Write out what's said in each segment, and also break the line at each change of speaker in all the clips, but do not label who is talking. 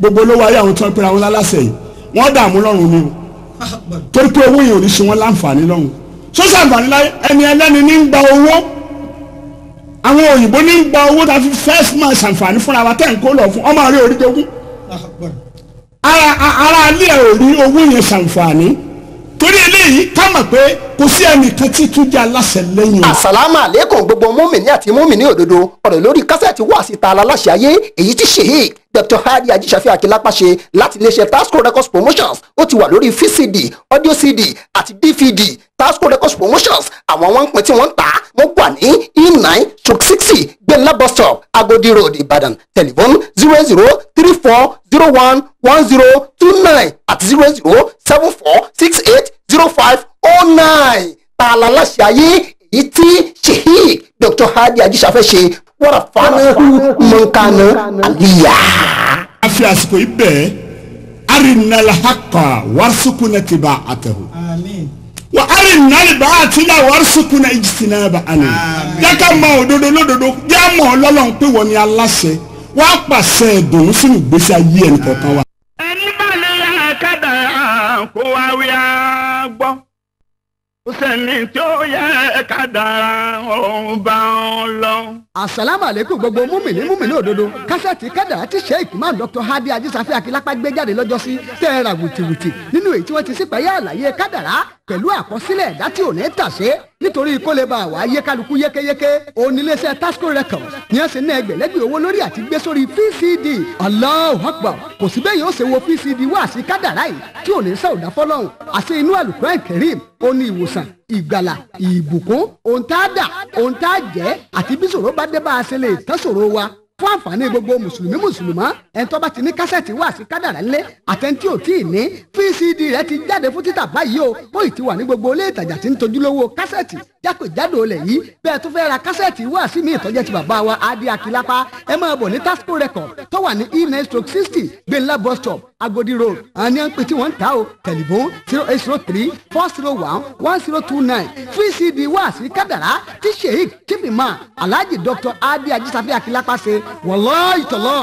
gbogbo olówó ayé àwọn tí wọ́n pera wọn lálásẹ̀ yìí wọ́n dààmú lọ́rùn ni o torí pé owó yẹn ò ní ṣe wọ́n láǹfààní lọ́rùn sọ́sà àǹfààní láyé ẹni ẹlẹ́ni ní ń gba owó àwọn òyìnbó ní ń gba owó tá fi first man ṣàǹfààní fúnra wa tẹ̀ ń kó lọ fún ọmọ rẹ̀ orí jogún ara ilé ẹ̀ ò rí owó yẹn ṣàǹfààní torí eléyìí ká mọ̀ pé kò sí ẹnìkan tí tún jẹ́ aláṣẹ lẹ́yìn o. àsàlámà àlékún gbogbo mọ́mìnì àti mọ́mìnì òdodo ọ̀rọ̀ lórí kásẹ̀tì wà síta aláṣẹ ayé èyí tí sheik dr hadi ajíṣàfẹ́ akínlápàṣe láti iléeṣẹ́ tasco records promotions ó ti wà lórí vcd audio cd àti dvd tasco records promotions àwọn wọn ń pín tí wọ́n ń tà á wà ní e9 stroke sixty gbẹ̀nlá bus stop agodi road ìbàdàn telephone zero zero three four zero one one zero two nine àti zero zero seven four six eight zero five oh nine tààlà láṣẹ ayé èyí tí sheik dr hadi ajíṣafẹ́ ṣe wọ́n fanahu mọ̀nkánà àlìyá. a fi àsìkò yìí bẹ́ẹ̀ arinal haqqa warisukuna tiba atahu. àmín. wa arinal na warisukuna ijtinaba ani. àmín. jaka ma òdodo lódodo jẹ́ àmọ́ ọlọ́run pé wọ́n ni aláṣẹ wọ́n á pàṣẹ ẹ̀dùn sínú ìgbésí ayé ẹnì wa. ẹni bá lè yára kádà kó wá wíyá gbọ́ kò sẹ́ni tí ó yẹ ká dára òun bá ọ lọ. àsálàmàlẹ́kùn gbogbo múmìnì múmìnì òdodo kásẹ̀tì kẹ́dà ti ṣe ìkìmọ̀ Dr. hadi ajísáfẹ́ akílápá gbé jáde lọ́jọ́sí tẹ́ ẹ ra wùtìwùtì nínú èyí tí wọ́n ti sípàáyé àlàyé kádàrá pẹ̀lú àkọsílẹ̀ ẹ̀dá tí ò ní tàsé nítorí kó lè bá àwa yé kálukú yékéyéké oníléeṣẹ́ tasco records ní ẹ̀sìn náà ẹgbẹ̀lẹ́gbẹ̀ owó lórí àti gbé sórí pcd Allahu Akbar kò sí bẹ́ẹ̀ yóò ṣe wo pcd wá sí kádàrá yìí tí ò ní sàwùdá fọlọ́hún àti inú àlùkùránì Karim ó ní ìwòsàn ìgbàlà ìbùkún ohun tá a dà ohun tá a jẹ́ àti bí ṣòro bá dé bá a ṣe lè tán ṣòro wa fún àǹfààní gbogbo mùsùlùmí mùsùlùmá ẹni tó bá ti ní kásẹ̀tì wá sí kádàrá ńlẹ̀ àtẹ̀ntì ò tí ì ní pcd rẹ̀ ti jáde fún títà báyìí o ó ì ti wà ní gbogbo ilé ìtajà tí ń tojú lówó kásẹ̀tì jákèjádò olè yìí bẹ́ẹ̀ tó fẹ́ ra kásẹ̀tì wá sí mi ìtọ́jẹ́ ti bàbá wa adé akilapa ẹ máa bọ̀ ní tasco record tó wà ní e nine stroke sixty gbẹ̀ńlá bus stop agodi road àwọn ni tí wọ́n ń ta o tẹlifon zero eight zero three four zero one one zero two nine free cd wá sí kádàrá tí sheik tìbìmọ̀ alhaji dr adé ajísàfẹ́ akilapa ṣe wọ́lọ́ ìtọ́lọ́.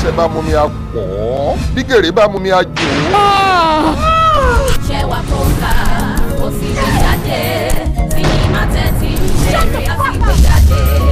bọ́sẹ̀ bá mú mi a pọ̀ ọ́ bí gèrè bá mú mi a jò ó. ṣẹwà tó ń sì gbé jáde sinimá tẹ́tí ń bẹ̀rẹ̀ àti gbé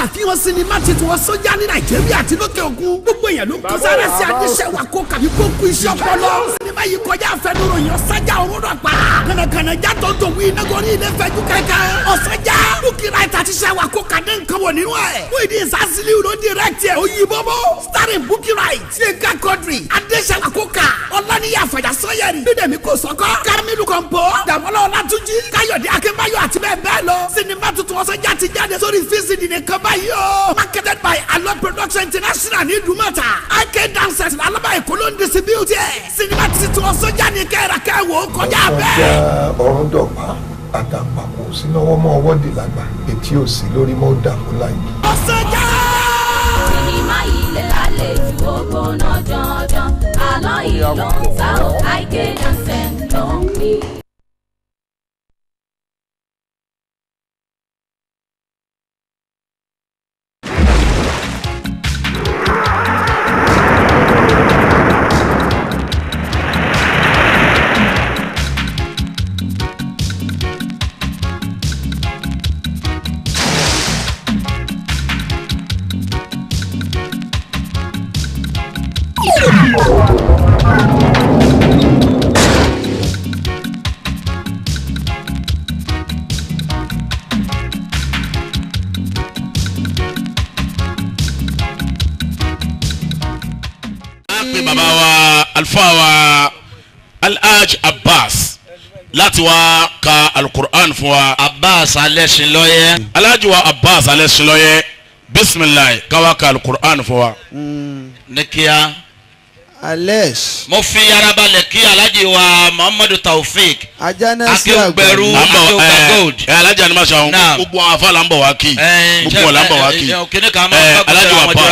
ṣàfihàn sinimá titun wọn sójà ní nàìjíríà àti lókè òkun gbogbo èèyàn ló kó sára sí adéṣẹ́wà kó kàbí kó kú iṣẹ́ ọpọlọ sinimá yìí kọjá àfẹnuròyìn ọ̀sájà òwúrọ̀ pa kànàkànà já tó ń tòwí nagori ilé fẹjú kẹkẹ ọ̀sájà lukira ìtàtí ṣẹwà kó kàdé nǹkan wọ̀ nínú ẹ̀ wíìdì ìsásílì ló direct ẹ̀ saniya fàjàsọ́yẹ̀rì bídèmí kò sọ́kọ́ kamilu kọ̀ǹpó dàmọ́lọ́ ọlátúnjì káyọ̀dé akínbáyọ̀ àti bẹ́ẹ̀ bẹ́ẹ̀ lọ sinimá tuntun ọ̀sẹ̀ jáde jáde sórí fíìsìdì nìkan báyìí o marketed by alon production international ní ìdúmọ̀tà ak dancers alábà ìkóló ń distribute ẹ̀ sinimá tuntun ọ̀sẹ̀ jáde kẹ́ra kẹ́wò kọjá bẹ́ẹ̀.
ọ̀rọ̀ dọ̀gba àtàpàpọ̀ sínú mọ́ ọwọ́ dì lágbà etí òsì lórí mọ́ dàkú láì. ọ̀sẹ̀ jáde.
sinimá yìí lè lálẹ́ jọjọ
àlọ́ yìí ló ń ta ọ́ àìkéyànfẹ́ ló ń pín.
alfa wa alhaj abbas láti wá ka alukur'an fún wa. abbas alẹ́sìn lọ́yẹ́. alhaji wa abbas alẹ́sìn lọ́yẹ́ bisimilayi ká wá ka alukur'an fún wa.
ní kíá. alex.
mo fi arabalẹ̀ kí alhaji wa muhammadu taofik. ajana sí àgbẹ̀. akéwùgbẹ̀rù akéwùgbà gold. ẹ alhaji ni ma sọ àwọn gbogbo àwọn afa la ń bọ̀ wá kí. gbogbo la ń bọ̀ wá kí. ẹ alhaji wa abbas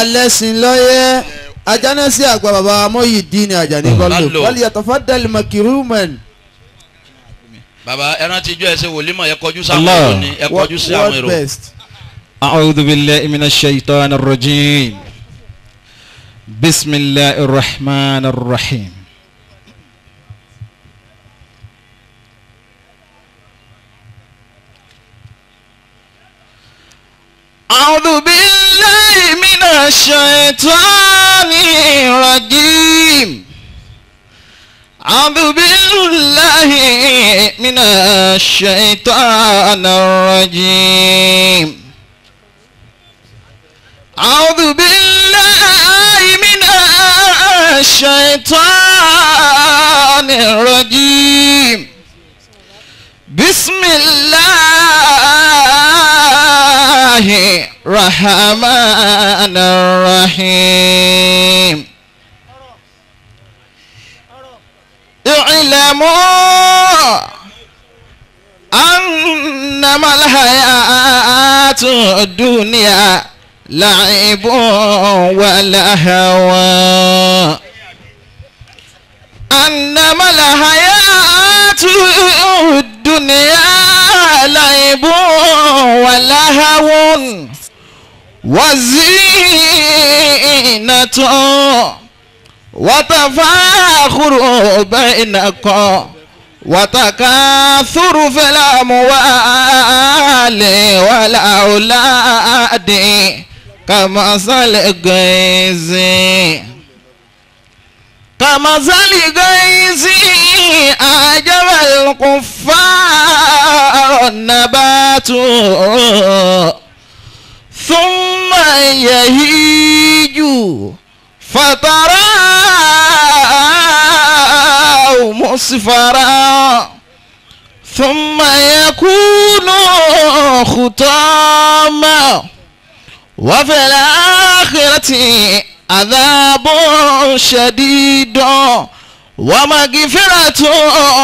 alẹ́sìn lọ́yẹ́ ajana sí àgbà bàbá Muyideen Ajani hmm. Bello wali yatafaddal makruman.
bàbá ẹran tíjọ ẹ ṣe wòlímọ̀ ẹ kọjú sáwọn èrò ni ẹ kọjú sí àwọn èrò.
a'udhu billahi minash shaitani rrajim bismillahi rrahmani rrahim. أعوذ بالله من من الشيطان الرجيم أعوذ بالله من الشيطان الرجيم أعوذ بالله من الشيطان الرجيم بسم الله الله الرحمن الرحيم اعلموا أنما الحياة الدنيا لعب ولهوى أنما الحياة الدنيا ولعب ولهو وزينة وتفاخر بينكم وتكاثر في الأموال والأولاد كمثل الغيث كما الغيث أج الكفار النبات ثم يهيج فتراه مصفرا ثم يكون ختاما وفي الآخرة عذاب شديد ومغفرة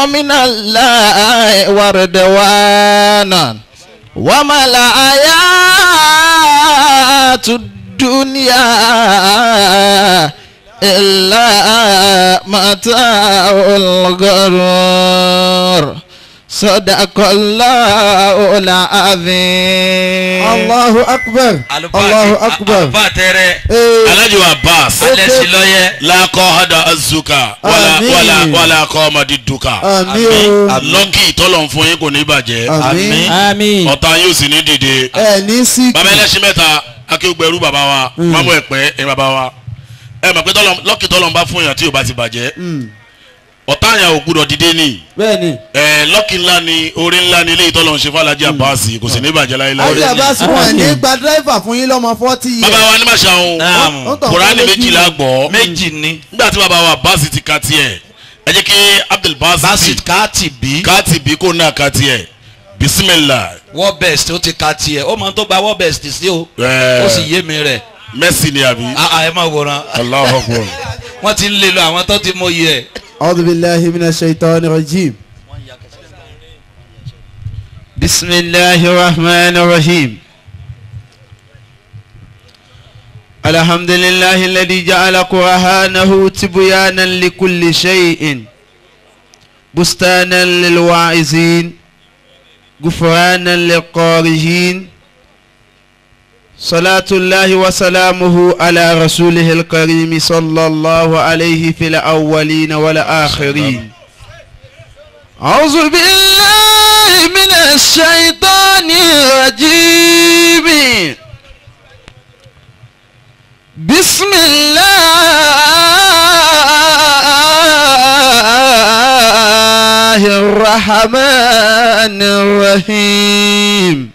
من الله وردوانا وما الآيات الدنيا إلا متاع الغرور Sadaqallahu al-azim. Allahu akbar. Allahu akbar.
Àlùfáà tẹ́rẹ̀. Alhaji Abbas. Alẹ́sí lọ́yẹ. Lákọ̀ hada azuka. Wàlà wàlà wàlà kọ́ ọmọdé duka. Àmín. Lọ́kì tọ́lọ̀ fún yín kò ní bàjẹ́. Àmín. Àmín. Ọ̀tá yóò sì ní dìde. Ẹ ní sí. Bàbá ẹlẹ́sìn mẹ́ta akéwùgbẹ̀rú bàbá wa. Mọ́mú hmm. ẹ̀pẹ́ ẹ̀ bàbá wa. Ẹ mọ̀ ọ̀tá àyà ò gbúdọ̀ dìde ni. bẹ́ẹ̀ni. ẹ lọ́kì ńlá ni orí ńlá ni eléyìí tọ́lọ́ ń ṣe fàlàjì hmm. àbáàsì kò sì ní bàjẹ́ láyé láyé. àjẹ́ àbáàsì wọn ní hmm.
gba dírẹ́fà fún yín lọ́mọ fọ́tì yẹn. bàbá wa ní màṣà òun kùránì méjìlá
gbọ́. méjì ni. nígbà tí bàbá wa àbáàsì ti ka tiẹ̀ ẹ jẹ́ kí abdul basit káàtì bí. káàtì bí kò náà ka tiẹ̀ bisimilá. wọ́bẹ̀st ó ti ka tiẹ̀ ó mọ ni àbí. Ah, ah, ẹ má wòran. aláwọ̀ wọ́n ti ń lè lo àwọn tó ti mọ iye ẹ̀.
أعوذ بالله من الشيطان الرجيم بسم الله الرحمن الرحيم الحمد لله الذي جعل قرآنه تبيانا لكل شيء بستانا للواعزين غفرانا للقارئين صلاة الله وسلامه على رسوله الكريم صلى الله عليه في الأولين والآخرين أعوذ بالله من الشيطان الرجيم بسم الله الرحمن الرحيم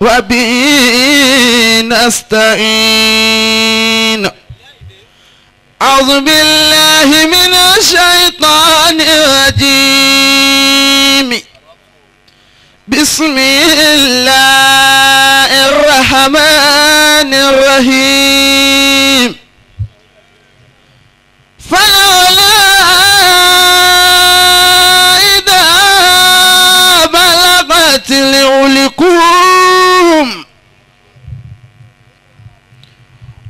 وبه نستعين أعوذ بالله من الشيطان الرجيم بسم الله الرحمن الرحيم فلولا إذا بلغت لعلكم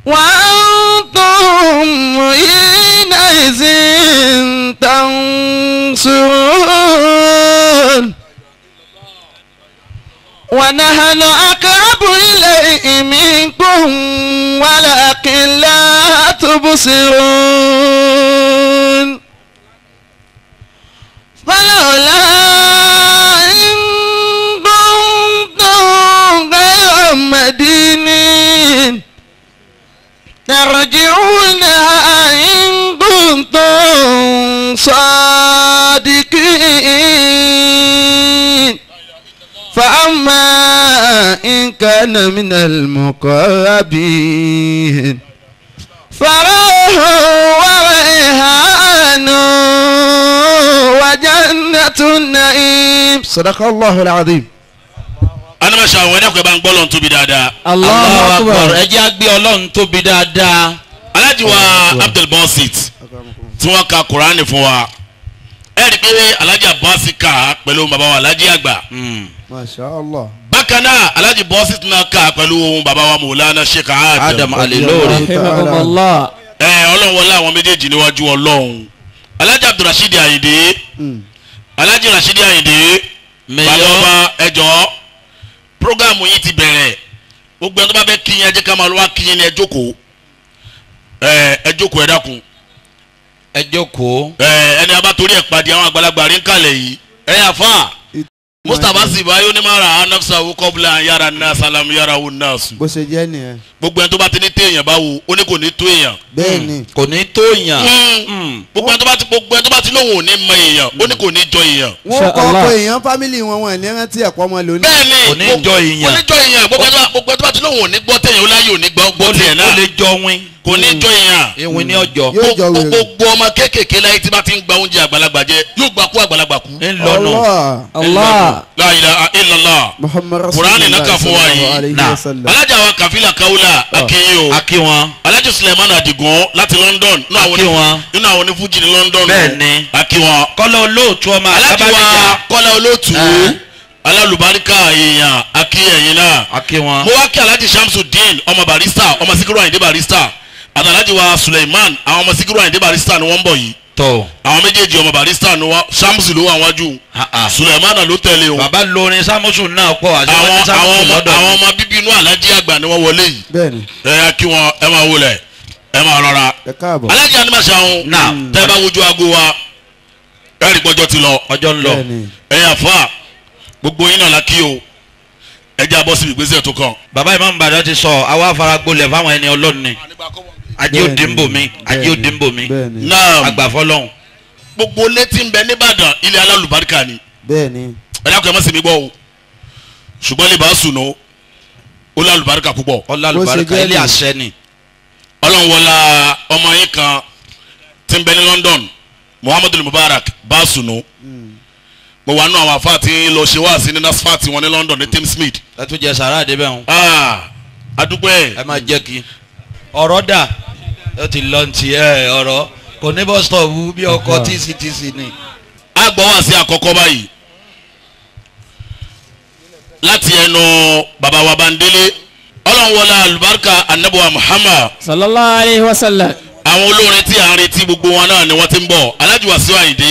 وأنتم حينئذ تنصرون ونحن أقرب إليه منكم ولكن لا تبصرون فلولا إن كنتم غير مدينين ترجعونها إن كنتم صادقين فأما إن كان من المقربين فراه وريهان وجنة النعيم صدق الله العظيم
anamọ̀ṣà àwọn ẹ̀dẹ́kọ̀ ẹ̀ bá ń gbọ́ ọlọ́run tóbi dáadáa. Allahu Akbar ẹ jẹ́ àgbẹ̀ ọlọ́run tóbi dáadáa. alájiwa Abdul Basit tí wọ́n ka kuraani fún wa ẹ rí i pé alájí abasi kà pẹ̀lú bàbá wa alájí àgbà.
Hmm. Masha Allah.
bákan náà alájí Basit náà kà pẹ̀lú bàbá wa Mawlana Sheikh Adam Al-Ilory. ẹ ọlọ́run wọlé àwọn méjèèjì níwájú ọlọ́run alájí Abdulrasheed Ayinde hmm. alájí Rasheed Ayinde balọba ẹjọ́ programu yìí ti bẹ̀rẹ̀ gbogbo ẹni tó bá fẹ́ kíyìn ẹ jẹ́ ká máa lọ wá kíyìn ní ẹ jókòó ẹ ẹ jókòó ẹ dákun. ẹ ẹni abá torí ẹ pàdé àwọn àgbàlagbà rí ń kalẹ̀ yìí. ẹ fún wa mustapha sibayo ní ma ra anafsa wukọbula yàrá náà salamu yàrá wù náà sùn. bó ṣe jẹ́ nìyẹn. gbogbo ẹni tó bá ti ní tó èèyàn bá wò ó ní kò ní tó èèyàn. bẹ́ẹ̀ni hmm. kò ní tó èèyàn. Hmm. Hmm. gbogbo ẹni tó bá ti gbogbo ẹni tó bá ti lóun ò ní mọ èèyàn ó ní kò ní jọ èèyàn. wọn kọ ọkọ èèyàn
fámìlì wọn wọn ní rántí ẹ̀kọ́ ọmọ lónìí.
bẹ́ẹ̀ni kò ní jọ èèyàn gbogbo ẹni tó bá ti lóun ò ní gbọ́ kò ní jọ ìyàn.
ìwìn ní ọjọ́. yóò jọ wèrè. gbogbo
ọmọ kéékèèké láyé tí bá ti ń gba oúnjẹ àgbàlagbà jẹ yóò gbà kú àgbàlagbà kú.
ńlọnà Allah
la ilaha illallah kuraani naka fún wa yìí na alájà wa kàfílà kawula akinyo ah. akinwa alájà sulemana adigun láti London akinwa nínú àwọn onífújì ní London bẹ́ẹ̀ni akinwa. kọlá olóòtú ọmọ alábàbíjà alájà wa kọlá olóòtú ah. alálùbáríkà èèyàn akínyẹ̀yìn náà mo wá kí alájì Shamsuddin ọmọ barista ọmọ Sikiru Ayinde barista àtàlájì wa Suleiman àwọn ọmọ Sikiru Ayinde Barrister ni wọ́n ń bọ̀ yìí tọ. àwọn méjèèjì ọmọ Barrister ni wa samusu ló wà wájú. Suleiman ló tẹ̀lé o. bàbá lorin samusu náà pọ̀ àti wọn ní samusu lọ́dọ̀. àwọn ọmọ bíbí inú alájí àgbà ni wọ́n wọlé yìí. bẹ́ẹ̀ni. ẹ kí wọn ẹ máa wọlé ẹ máa rọra. ẹ káàbọ̀. alájí animasa ọ̀hún. na tẹ́ bá wojú aago wa ẹ̀rí gbọ́jọ́ ti lọ. ọjọ́ ń lọ. ẹ yà fà gbogbo yín náà la kí o ẹ jẹ́ abọ́ síbi ìgbésẹ̀ tó kàn. bàbá ìmọ̀ nbàdàn ti sọ àwa faragbolẹ̀ fáwọn ẹni ọlọ́run ajé òde ń bò mí ajé òde ń bò mí náà agbàfọlọ́hún. gbogbo létí ń bẹ nìbàdàn ilé alálùbáríkà ni ẹ̀dá kò ẹ̀ má sì mí gbọ́ o ṣùgbọ́n lè bá sùn nù ó lálùbáríkà púpọ̀. ó ilé àṣẹ ni. ọlọ́run ọmọ yín kan tí ń bẹ ní London Muhammadu Mubarak bá sùn nù hmm. mo wà nù àwọn afa tí lọ ṣe wá sí ní nasfat wọn ní London ní Tim Smith. ẹ tún jẹ sàrà àdébẹ̀ wọn. àdúgbò ah, ẹ. ẹ máa jẹ́ kí. ọ̀rọ̀ dà ó ti lọ́ǹtì ẹ̀ ọ̀rọ̀ kò ní bọ́ stọ̀ọ̀bù bí ọkọ̀ tctc ni. a gbọ́ wá sí àkọ́kọ́ báyìí láti ẹnu bàbá wa Bándélé ọlọ́run alùbáríkà anabuwa Muhammad. sallallahu alayhi wa sallam. àwọn olórin tí a ń retí gbogbo wọn náà ni wọ́n ti ń bọ̀ alájùwà sí àyìndé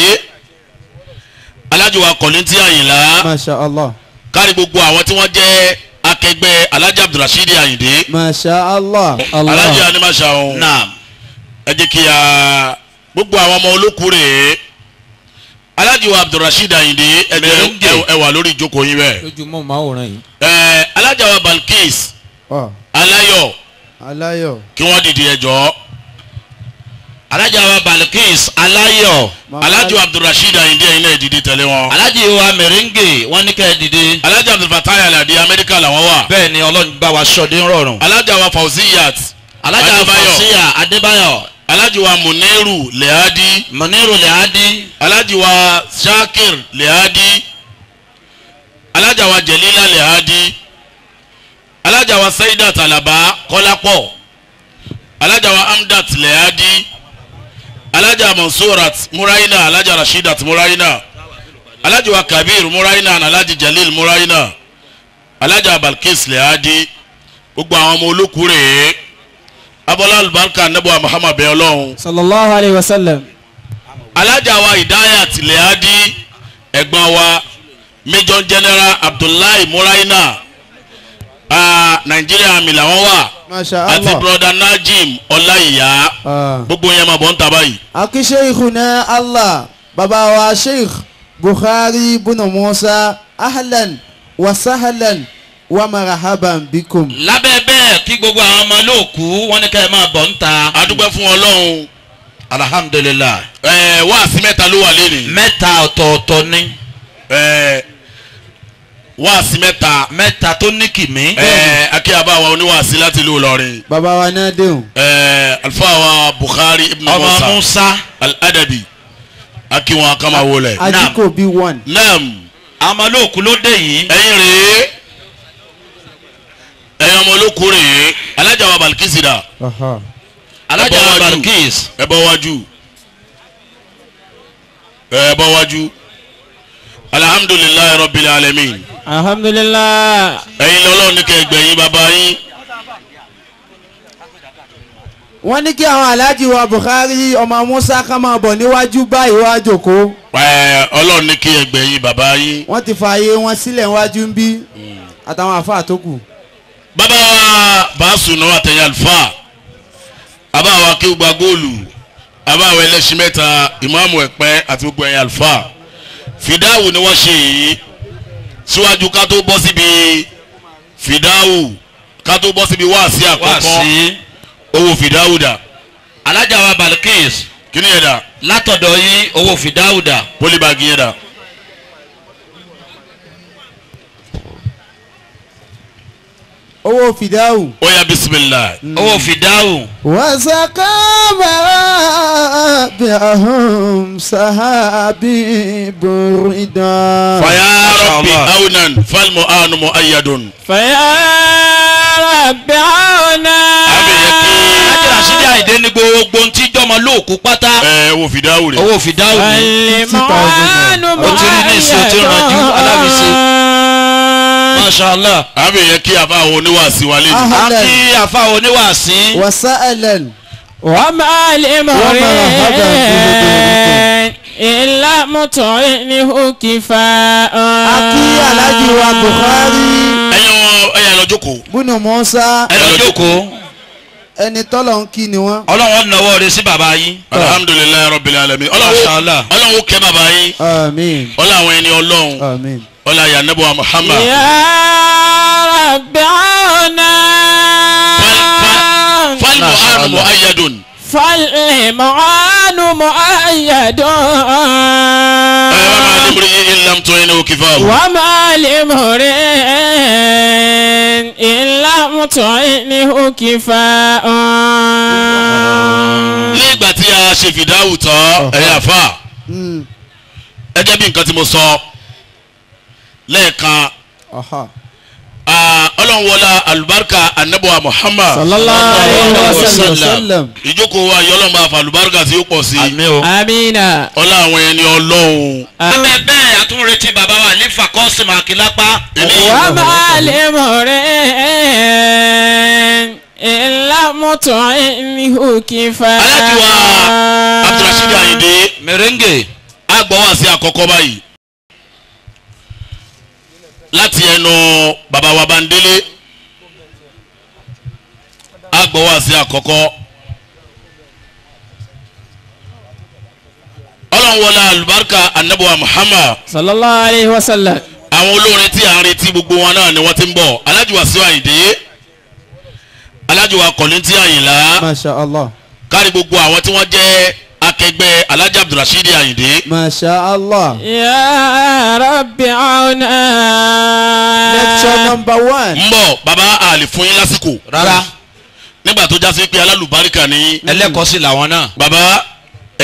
alájùwà kọ̀ní tí àyìnlá. masha allah. kárí gbogbo àwọn tí wọ́n jẹ́ akẹgbẹ́ alájà abdulrasheed àyìndé.
masha allah. alájà
ni masha allah. naam ẹ jẹ́ kí a gbogbo àwọn ọmọ olókùn rèé alájìwà abdulrasheed ayinde ẹ wà lórí ìjókòó yín bẹ́ẹ̀. lójúmọ́ máa wòran yìí. ẹ alájàwà balkis aláyọ̀ aláyọ̀ kí wọ́n dìde ẹjọ́ alájàwà balkis aláyọ̀ alájìwà abdulrasheed ayinde ẹ̀yin náà dìde tẹ̀lé wọn. alájìwà mẹ̀rẹ́ngè wọ́n ní ká ẹ dìde. alájà abdulfatah alade amẹ́ríkà làwọn wà. bẹ́ẹ̀ ni ọlọ́run gbá wa sọ́dín rọrùn. alájàwà fauziyat alájà fàṣíyà adébáyọ̀ alájùwà mùnírù lẹ́hádì. mùnírù lẹ́hádì. alájùwà shakir lẹ́hádì. alájàwà jẹ̀lílà lẹ́hádì. alájàwà saidat alaba kọ́lápọ̀. alájàwà amdat lẹ́hádì. alájà mansurat muraina alájà rashidat muraina. alájùwà kabir muraina alájì jalil muraina. alájà balkis lẹ́hádì. gbogbo àwọn ọmọ olókùúrè yìí abọ́lá alùbáńkà nẹ́bọ̀ muhammad bẹ́ẹ̀ ọlọ́run. sallallahu alayhi wa sallam. alájà wa ìdáyà tìlẹ̀ adi ẹ̀gbọ́n wa major general abdullahi muraina nàìjíríà mi làwọn wà àti broda najim ọláìyá gbogbo yẹn máa bọ̀ ń ta báyìí.
akí sheikhuna allah baba wa sheikh bukhari bunu musa ahlan wa sahlan wa marahaban bikum.
lábẹ́ bẹ́ẹ̀ kí gbogbo àwọn ọmọ olóòkú wọn ní ká ẹ máa bọ̀ ń ta. a dúpẹ́ fún ọlọ́run alhamdulilayi. ẹẹ wáàsí mẹ́ta ló wà lẹ́nu. mẹ́ta ọ̀tọ̀ọ̀tọ̀ ni. ẹẹ wáàsí mẹ́ta. mẹ́ta tó ní kìmí. ẹẹ akíyàbá wa oníwàásí láti ìlú Ìlọrin.
bàbá wa náà dẹ̀hùn.
ẹẹ alfa wa Bukhari ibn Musa. ọmọ Musa. al-adabi akiwọn akamawo lẹ. ajiko b one. naam amalóòkú ló dé yìí. ẹyin rèé ẹ̀yin ọmọ olókùn rèé alájà wa balikisi dà alájà wa balikis ẹ wájú ẹ bọ́ wájú alhamdulilayi rabbil alamin
alhamdulilayi
ẹ̀yin lọ́lọ́run ní kẹgbẹ̀yìn bàbá yín
wọ́n ní kí àwọn aláàjì wa Buhari ọmọ Musa ká máa bọ̀ níwájú báyìí wá jòkó.
ẹ Ọlọ́run ní kí ẹgbẹ́ yín bàbá yín. wọ́n ti fààyè wọn sílẹ̀ níwájú ń bí hmm. àtàwọn àáfàá tó Baba wa bàásù náà àtẹ̀yẹ alfa, àbá wa kí gba góòlù àbá wa ẹlẹ́sìn mẹ́ta ìmáàmù ẹ̀pẹ́ àti gbogbo ẹ̀yẹ àlùfà fìdáwù ni wọ́n ṣe yìí síwájú ká tó bọ́ síbi fìdáwù ká tó bọ́ síbi wáàsí àkọ́kọ́ owó fìdáwù dà. alájà wa Balikis kí ni yẹn dà. látọ̀dọ̀ yín owó fìdáwù dà. pólíbàgì yẹn dà. owó fìdáhù. ó yá bisimilá owó fìdáhù.
wàsàkà bàrà bìrahùn sàhábì bùrìdà. fàyà rabbi aunan
falmo anu mu ayadun. fàyà rabbi aunan. Rashidi Ayinde ní gbogbo ntí jọmọ lóòkú pátá. Ẹ owó fìdáhù rẹ̀. Owó fìdáhù rẹ̀. Àlè mọ́ àánú O ti rí ní ìsìn o ti rànjú alábìsí mashallah. àbí yẹn kí àfa oníwàásí wa lè. a kí àfa oníwàásí. wàsá ẹlẹ́n. wà á máa lè mọ̀ rí
ilá mọ̀tọ́ ní òkìfà. a kí aláàjì wa Buhari. ẹ̀yin
wọn ẹ̀yà lọ́jọ́ kó. bùnú mọ́sá. ẹ̀yà lọ́jọ́ kó
ẹni tọ́lọ̀ ń kí ni wọ́n. ọlọ́run náwó rẹ sí bàbá yín.
Ah. alhamdulilayi rabbil alamin. ọlọ́run ọlọ́run kẹ́ bàbá yín. àmín. ọlọ́ àwọn ẹni ọlọ́run. àmín. ọlọ́ àyà nebo wa muhammad. yàrá
gbọ́nà. fal fal fal mu'ayyadun. فالإمعان مؤيد وما
لامرئ إن لم تعينه كفاف
وما لامرئ إن لم تعينه كفاف
ní ìgbà tí a ṣe fìdáwù tán ẹ̀yà fà ẹgẹ́ bí nǹkan tí mo sọ lẹ́ẹ̀kan Ah, ọlọ́nwọlá alubarika anabuwa muhammad sallallahu alayhi wa sallam ìjókòó wa yọlọ́n bá fa tí ó pọ̀ sí i amina ọlá àwọn ẹni ọlọ́run. bẹ́ẹ̀ bẹ́ẹ̀ a tún retí bàbá wa ní fakọ́sì màkìlápá. wà á
bá lè mọ̀ rẹ̀ ìlàmọ̀tò ẹni òkè fà. aláàjì wa abdulrasheed ayinde
merengue a gbọ́ wá sí àkọ́kọ́ báyìí láti ẹnu bàbá wa Bándélé agbọ́wàsí àkọ́kọ́ ọlọ́wọ́lá alùbáríkà anabuwa Muhammad.
sallallahu alayhi wa sallam.
àwọn olórin tí a ń retí gbogbo wọn náà ni wọ́n ti ń bọ̀ alájùwà sí àyìndé alájùwà kọ̀lẹ́ntì àyìnlá. masha Allah. kárí gbogbo àwọn tí wọ́n jẹ́ akẹgbẹ́ alhaji abdulrasheed ayinde. masha allah. ya rabbi auna. lecture number one. n bọ̀ baba ali fún yín lásìkò. rárá. nígbà tó jásí pé alálùbáríkà ni. ẹlẹ́kọ̀ọ́sí làwọn náà. baba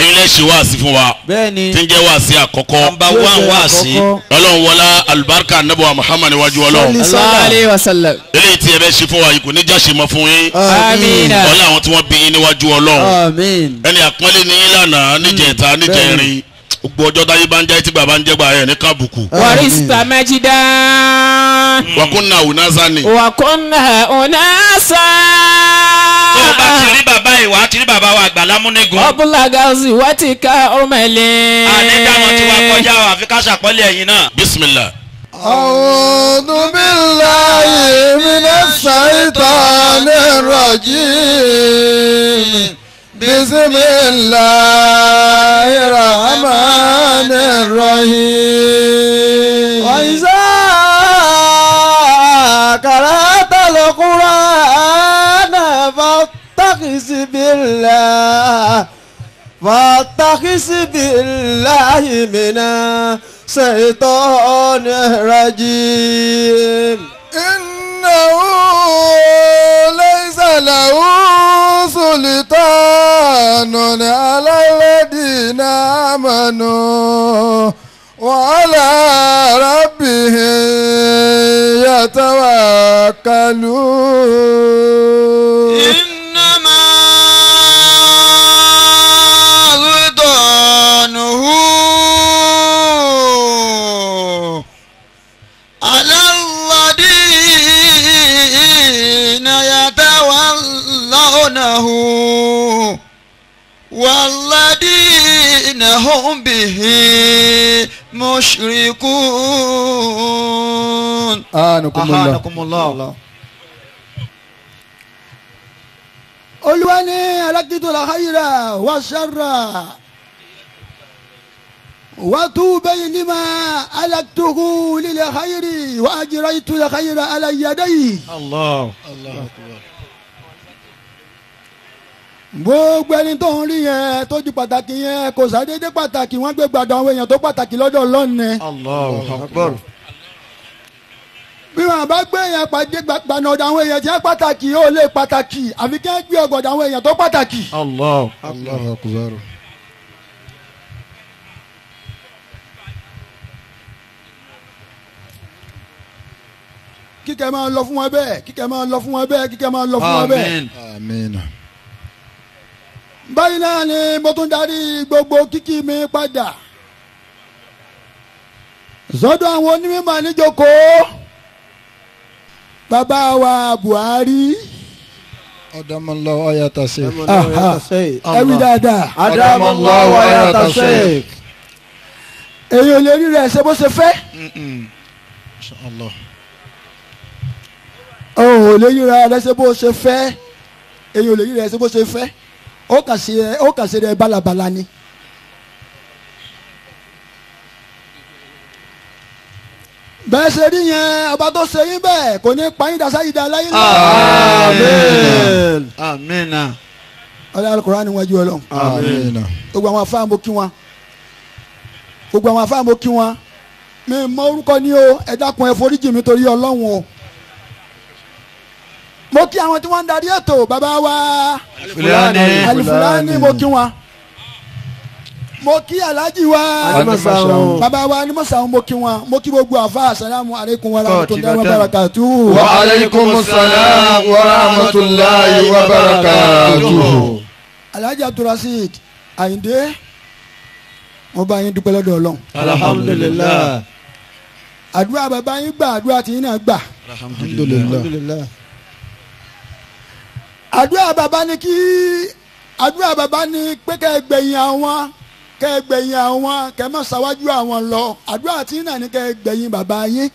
ẹ̀yin lẹ́sìn wáàsí fún wa bẹ́ẹ̀ni tí ń jẹ́ wáàsí àkọ́kọ́ nọ́mbà wán wáàsí ọlọ́run wọlá alubarika anabuwa muhammad wájú ọlọ́run sallallahu wasallam eléyìí tí ẹ bẹ ṣe fún wa yìí kò ní jáṣe mọ́ fún yín amiina ọlá àwọn tí wọ́n bí yín níwájú ọlọ́run amiin ẹni àpọ́nlé ní yín lánàá níjẹta níjẹrin gbogbo ọjọ́ táyé bá ń jẹ́ tí bàbá ń jẹ́ ẹ̀ ní kábùkù. wàrísítà mẹ́jìdá. wàkúnnà ònásà ni. wàkúnnà ònásà tó bá ti rí bàbá ìwà àti rí bàbá wa àgbà lámúnigun. ọbúlàgàzì wá ti ká ọmọlẹ. ànídàmọ̀ tí wàá kọjá àfi ká ṣàpọ́lé ẹ̀yìn náà. bísímìlà.
أعوذ بالله من الشيطان الرجيم بسم الله الرحمن الرحيم فاتخذ بالله فاتخذ بالله من الشيطان الرجيم إنه ليس له سلطان على الذين آمنوا وعلى ربهم يتوكلون رضوانه على الذين يتولونه والذين هم به
مشركون آنكم الله آنكم الله olúwa ní alákìtò làkàyèrè wàṣàrà. وتوب لما ألقته للخير وأجريت الخير على يديه. الله
الله أكبر.
gbogbo ẹni tó ń rí yẹn tó ju pàtàkì yẹn kò sàdédé pàtàkì wọn gbé gbàdọ àwọn èèyàn tó pàtàkì lọ́dọ̀ Ọlọ́run. bí wọn bá gbé yẹn pàdé gbàdọ ọ̀dọ̀ àwọn èèyàn tí wọn pàtàkì yóò lé pàtàkì àfi kí wọn gbé ọgbọdọ àwọn èèyàn tó pàtàkì. Allahu Akbar. kíkẹ́ máa lọ fún wọn bẹ́ẹ̀ kíkẹ́ máa lọ fún wọn bẹ́ẹ̀ kíkẹ́ máa lọ fún wọn bẹ́ẹ̀. àmín. báyìí náà ni mo tún darí gbogbo kíkí mi padà sọ́dọ̀ àwọn onímọ̀ níjókòó bàbá wa Buhari adamallahu ayata sheikh ẹwí dáadáa adamallahu ayata sheikh èyí ò lè rí rẹ̀ ṣe bó ṣe fẹ́ ò lè yíra rẹ ṣe bó ṣe fẹ́ èyí ò lè yíra rẹ ṣe bó ṣe fẹ́ ó kà sí ẹ ó kà sí ẹ bálabàla ni. bẹ́ẹ̀ ṣe rí yẹn ọba tó ṣe yín bẹ́ẹ̀ kò ní pa dasa yìí dá láyé náà. amen amen. ọlọ́run alukóra ni wọ́n ju ọlọ́run. amen. gbogbo àwọn afáàmù kí wọn gbogbo àwọn afáàmù kí wọn mi mọ orúkọ ni o ẹ dákun ẹ foríjì mi torí ọlọ́run o mo kí àwọn tí wọ́n ń darí ètò bàbá wa alifulani alifulani mo kí wọn mo kí alhaji wa bàbá wa ni mo kí wọn mo kí gbogbo àfa asalaamu aleykum wa rahmatulahi wa barakatu. wa aleykum salaam wa rahmatulahi wa barakatu. alhaji abdulrasheed ayinde mo bá yín dúpẹ́ lọ́dọ̀ ọlọ́run. alhamdulilayi. àdúrà bàbá yín gbà àdúrà tí yín náà gbà.
alhamdulilayi
àdúrà bàbá ni kí àdúrà bàbá ni pé kẹ́ ẹ gbẹ̀yìn àwọn kẹ́ ẹ gbẹ̀yìn àwọn kẹ́ ẹ má ṣáwájú àwọn lọ àdúrà tí náà ni kẹ́ ẹ gbẹ̀yìn bàbá yín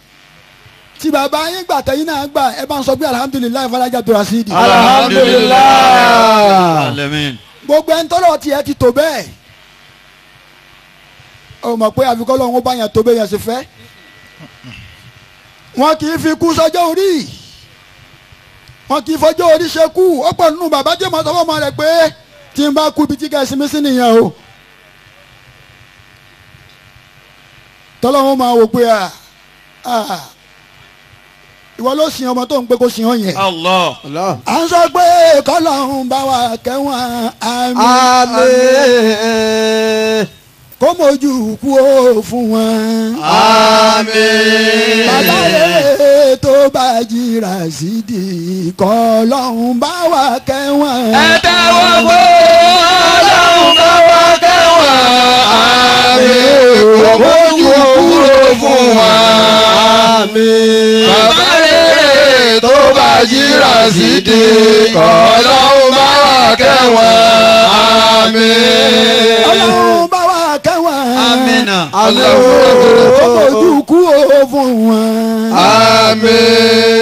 tí bàbá yín gbà tẹ̀yìn náà gbà ẹ bá ń sọ pé alihamudulilayi fọlájà tora sí di. alihamudulilayi. gbogbo ẹni tọ́lọ̀ tiẹ̀ ti tó bẹ́ẹ̀ o mọ̀ pé àfikọ́ lọ́wọ́ bá yẹn tó bẹ́ẹ̀ yẹn ṣe fẹ́ wọ́n kì í fi kú sọ́jọ́ orí yìí wọn kì í fọjọ́ orí kú ó pọ̀ nínú bàbá tí mo sọ ọmọ rẹ̀ pé tí n bá kú ibi tí ká mi sí nìyẹn o. tọ́lọ́wọ́n máa wò pé ìwọ ló sìn ọmọ tó ń pé kó sìn ọ yẹn. Allah. à ń sọ pé kọ́lọ́hún bá wa kẹ́wọ̀n àmín. àmín kó mojú kú ó fún wọn. àmín. bàbá rẹ̀ tó bá jìrà sídìí kọ́ lọ́hùn bá wà kẹ́wọ̀n. ẹ tẹ́wọ́ gbó lọ́hùn bá wà kẹ́wọ̀n. àmín. kó mojú kú ó fún
wọn. àmín. bàbá rẹ̀ tó bá jìrà sídìí kọ́ lọ́hùn bá wà kẹ́wọ̀n. àmín. ọlọ́run bá káwa. amina. àlọ́
ojú kú òfun wọn. àmín.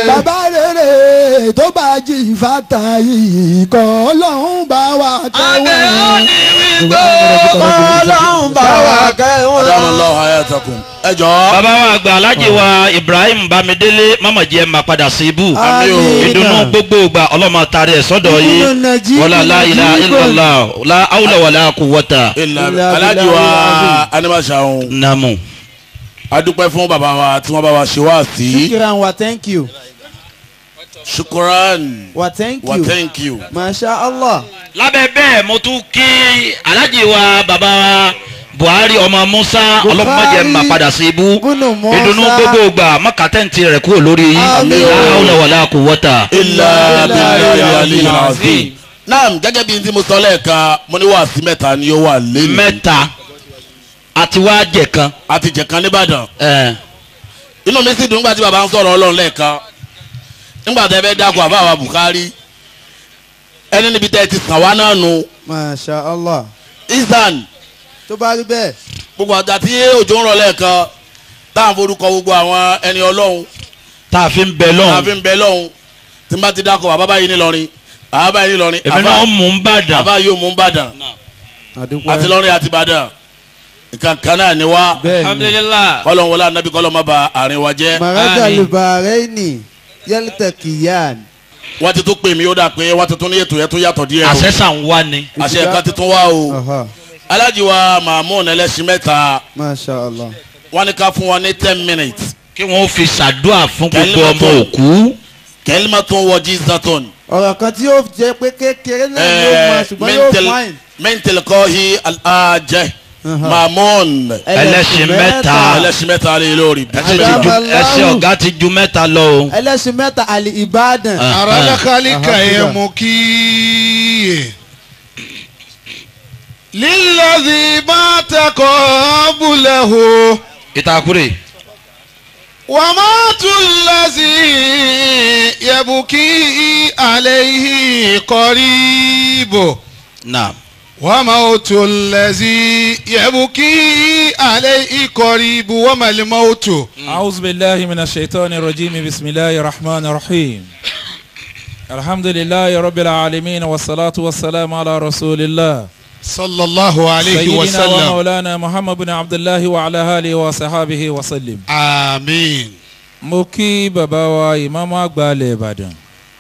bàbá tó bá jí fata yìí kọ́ ọlọ́run bá wa kẹ́wọ́n. àgbẹ̀ ó ní wípé ọlọ́run bá wa kẹ́wọ́n.
ọlọ́run lọ́wọ́ ayé ẹ̀tọ́kùn ẹ jọ. bàbá wa àgbà alájì wa ibrahim bámidélé mọ̀mọ̀jì ẹ̀ máa padà sí ibú. ìdùnnú gbogbo ìgbà ọlọ́mọ tari ẹ̀ sọ́dọ̀ yìí wọlá láyìlá ìlọlá la awúlà wàlá kò wọ́ta. alájì wa animasaun. namu. adúpẹ́ fún bàbá wa tí wọ́n bá wa ṣe wá sí. ṣùkúrà wa thank you. Shukran. Wa thank you. Wa thank you. Masha Allah. Lábẹ́ bẹ́ẹ̀ mo tún kí Alhaji wa bàbá Buhari ọmọ Musa ọlọ́mọdé mà padà sí ibú. Ìdùnnú gbogbo ìgbà mọ́kàtẹ́ǹtì rẹ̀ kúrò lórí yìí. Láwùlọ̀ wà láàkú wọ́tà. Ilà bíi Ali Azeem. Naam gẹ́gẹ́ bíi tí mo sọ lẹ́ẹ̀kan, mo ní wàásù mẹ́ta ni ó wà lẹ́nu. Mẹ́ta àti wá jẹ̀kan. Àti jẹ̀kan ní Inú mi sì dùn nígbà tí bàbá ń sọ̀rọ̀ Ọlọ́run lẹ́ẹ̀kan nígbà tẹ́ fẹ́ dákun àbá wa Bukhari ẹni níbi tẹ́ ti tàn wá náà nu. masha allah. isan. tó bá rí bẹ́ẹ̀. gbogbo àgbà tí òjò ń rọlẹ́ kan tá à ń forúkọ gbogbo àwọn ẹni ọlọ́run. tá a fi ń bẹ lọ́hùn. tá a fi ń bẹ lọ́hùn. tí n bá ti dákọ̀ bàbá báyìí nílọrin bàbá báyìí nílọrin. èmi náà mú un bàdàn. bàbá yóò mú un bàdàn. àti lọ́rin àti bàdàn nǹkan kan náà ni wá. alhamdulillah. kọ́lọ̀ wọlé anabi kọ́lọ̀ má ba àárín wa jẹ́. màrájà lè bàárẹ̀ ni yẹlítẹ̀kìyàn. wọ́n ti tún pè mí ó dà pé wọ́n ti tún ní ètò yẹn tún yàtọ̀ díẹ̀ o. àṣẹ sàn wá ni. àṣẹ kan ti tún wá o. alájí wa mahmood mẹ́ta.
masha allah.
wọ́n ní ká fún wọn ní ten minutes. kí wọ́n fi ṣàdúrà fún gbogbo ọmọ òkú. kẹ́límà tó ń wọ jíìsàtọ̀n.
ọ̀rọ̀ kan tí yóò
jẹ́ pé kékeré náà yóò máa ṣùgbọ́n yóò fáìn. mẹ́ntẹ̀lẹ́kọ́ hi Uh-huh. mamon. ẹlẹ́sìn mẹ́ta ẹlẹ́sìn mẹ́ta alẹ́ lórí. ẹsẹ̀ ọ̀gá ti ju mẹ́ta lọ o.
ẹlẹ́sìn mẹ́ta àlè ìbàdàn. àràlẹ́kálí
kàyé mú kí
yé.
lílọ́sì bá tẹ̀kọ̀ búlẹ̀ o. ìtàkùrẹ́. wà á máa tún lọ́sì
yẹ̀bù kí àlẹ́ yìí kọ́rí bò. naam. وموت الذي يبكي
عليه قريب وما الموت أعوذ بالله من الشيطان الرجيم بسم الله الرحمن الرحيم الحمد لله رب العالمين والصلاة والسلام على رسول الله صلى الله عليه سيدنا وسلم سيدنا ومولانا محمد بن عبد الله وعلى آله وصحابه وسلم آمين مكي بابا وإمام أقبال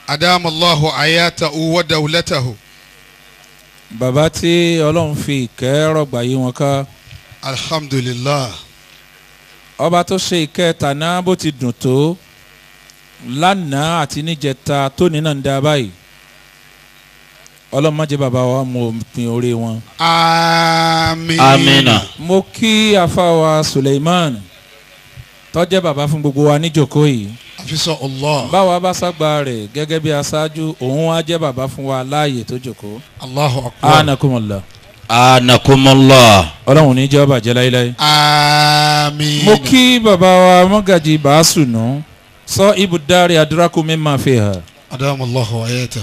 أدام الله آياته ودولته bàbá tí ọlọ́run fi ìkẹ́ rọ̀gbà yí wọn ká. alhamdulilah. ọba tó ṣe ìkẹ́ tàná bó ti dùn tó lánàá àti níjẹta tóní náà ń da báyìí ọlọ́mọdé bàbá wa mo pin orí wọn. amiina. mo kí afa wa suleiman tọ́jẹ́ bàbá fún gbogbo wa níjòkó yìí. àfisọ allah. báwa bá ságbá rẹ̀ gẹ́gẹ́ bí aṣáájú òun á jẹ́ bàbá fún wa láàyè tó jòkó. allahu akbar. anakumala. anakumala. ọlọ́run ní jẹ́ ọba jẹ́ láéláé. amiin. mo kí bàbá wa mọ́gàjì bàásù nù sọ ibùdarí adúrákú mi máa fi hàn. adamu allahu ayeta.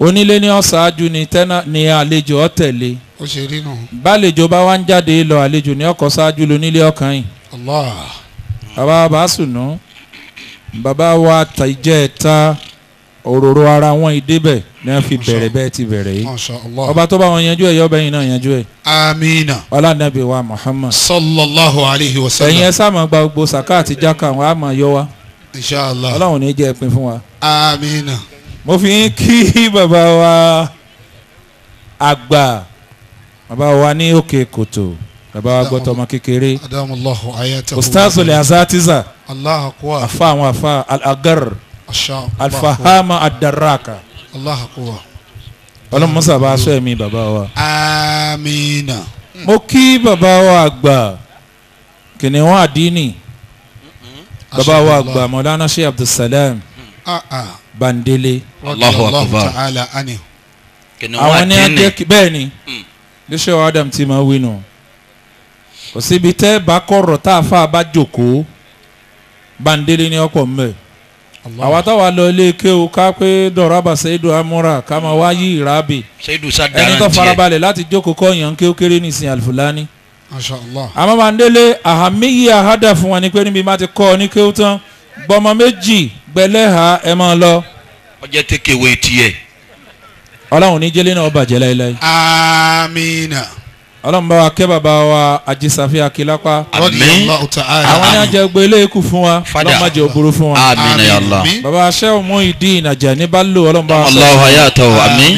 onílé ní ọ̀ṣáájú ni tẹ́nà ni àlejò ọ̀tẹ̀lé. ó ṣe rí nù. bálejò bá wá ń jáde lọ àlejò ní ọkọ̀ ṣáájú lónílé ọkàn yìí. allah. bàbá Bàásùnù baba wa tàìjẹ́ta ororo ara wọn ìdébẹ̀ ni wọ́n fi bẹ̀rẹ̀ bẹ́ẹ̀ ti bẹ̀rẹ̀ yìí ọba tó bá yanju yanjú ẹ̀ yọ bẹ́yìn náà yanjú ẹ̀. amiina. ọlànàbí wa Muhammad. sallallahu alayhi wa sallam. ẹ̀yin ẹ sáà máa gba gbogbo saka àti jaka wọn á máa yọ wa. inshallah. ọlọ́run ní jẹ́ ẹ̀pin fún wa. amiina. mo fi ń kí bàbá wa àgbà bàbá wa ní òkè kòtò. bàbá wa gbọ́tọ̀ ọmọ kékeré ustaz olè azatiza afa àwọn afa alagar alfahama adaraka
ọlọ́run
musa bá aṣọ ẹ̀mí bàbá wa. amiina. mo kí bàbá wa àgbà kìnìún àdínì bàbá wa àgbà mọ̀lánà sheikh abdulsalam ah, ah. bandele. Allahu akbar
àwọn ní ẹjẹ bẹ́ẹ̀
ni hmm. bíṣọ adam ti máa wí nù. No kò síbi tẹ́ bá kọ̀rọ̀ tá fa bá bandele ni ọkọ̀ mbẹ́ àwa táwa lọ ilé kéwu ká pé dọ̀rọ̀bà seidu amúra ká máa wá yí ìrábì ẹni tó farabalẹ̀ láti jókòó kọ́yàn kéwu kéré nìsín àlùfùlání. àmọ́ bandele àhàmíyí àhádà fún wa ni pé níbi má ti kọ́ ọ ní kéwu tán gbọmọ méjì gbẹlẹ́hà ẹ máa lọ.
ọjọ́ tẹ́kẹ̀wé tiẹ̀.
ọlọ́run ní jẹ́lẹ́ náà bàjẹ́ láéláé. amiina ọlọ́run bá wa kẹ́ bàbá wa ajísàfẹ́ akílápá. àmín àwọn ní ajẹ́ gbé ilé ikú fún wa ọlọ́mọ jẹ́ òbúrú fún wa. àmín ya Allah. bàbá aṣẹ́ Muideen Ajani ọlọ́run bá wa sọ. Allahu hayatahu àmín.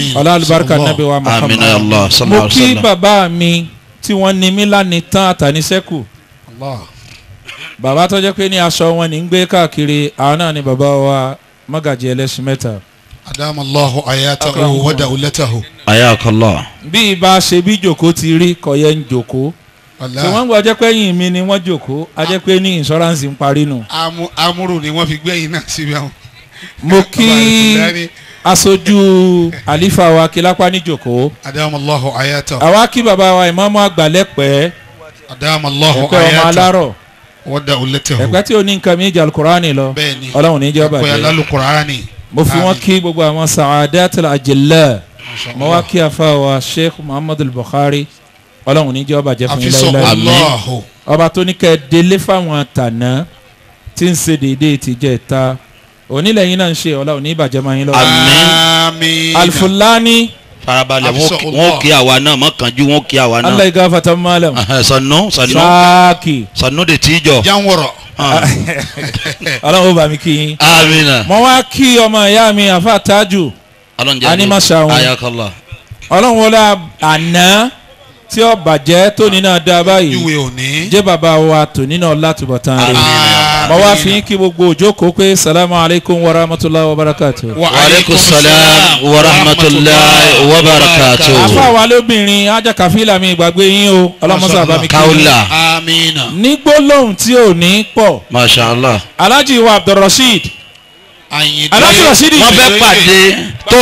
wa Muhammad. àmín ya Allah. mo kí bàbá mi tí wọ́n ní mí lánìí tán àtàníṣẹ́kù. bàbá tó jẹ́ pé ní aṣọ wọn ní gbé káàkiri àwọn náà ni bàbá wa Magaji Ẹlẹ́sìn Mẹ́ta
adamu allahu ayatahu wada ulatahu
ayakallah.
bí ibà ṣe bí jòkó ti rí kọyẹ ń jòkó tí wọ́n ń gbọ́ jẹ́ pé yìn mí ni wọ́n jòkó a jẹ́ pé ní insurance ń parí nù. amúrò ni wọ́n fi gbé yìí náà síbi àwọn. mo kí aṣojú àlífà wa kílápá ní jòkó.
adamu allahu ayatahu.
àwa kí bàbá wa ìmáàmù àgbà lẹ́pẹ́. adamu allahu ayatahu. ẹ̀pẹ́ ọmọ alárọ̀ wọ́n da olùtẹ̀hó. ẹ̀pẹ́ tí o ní nǹkan mi jẹ́ alukurani lọ. bẹ́ẹ̀ ni ọlọ́run ní jẹ́ bàjẹ́. ẹ̀pẹ́ alálùkurani mo fi wọn kí gbogbo àwọn sàádáàtì àjẹlẹ mo wá kí afáwa sheikh muhammadu buhari ọlọ́run níjẹ́ ọba jẹ́ fún yín láìláì ọba tó ní kẹ́ délé fáwọn tànà tí ń ṣe déédéé ti jẹ́ ìta onílẹ̀ yín náà ń ṣe ọlọ́run ní ìbàjẹ́ máa yín lọ́wọ́ àmín alfulani farabalẹ̀ wọn kí
àwa náà mọ kanjú wọn
kí àwa náà. alayi gafa tamalem.
sanu sanu
sanu de tijọ. janwọrọ. Ah. ọlọ́run ó bá mi kí yín. amina. mo wá kí ọmọ ìyá mi àfa tájù. ọlọ́run jẹ́ mi ayakallah. ọlọ́run wọlé àná tí ó bàjẹ́ tóní náà dá báyìí jẹ́ bàbá wa tóní náà látúbọ̀tán rẹ̀ mo wá fi kí gbogbo òjókòó pé salamu alaykum wa rahmatulahi wa barakatu. wa aleykum salam wa rahmatulahi wa
barakatu. afa
wa lóbìnrin ajakafila mi gbàgbé yín o ọlọmọsọ àbámi kí kaula ní gbólóhùn tí ò ní pọ̀.
masha allah.
alhaji wa abdulrasheed.
alhaji rasheed ìfẹ́ wọn bẹ pàdé
tó.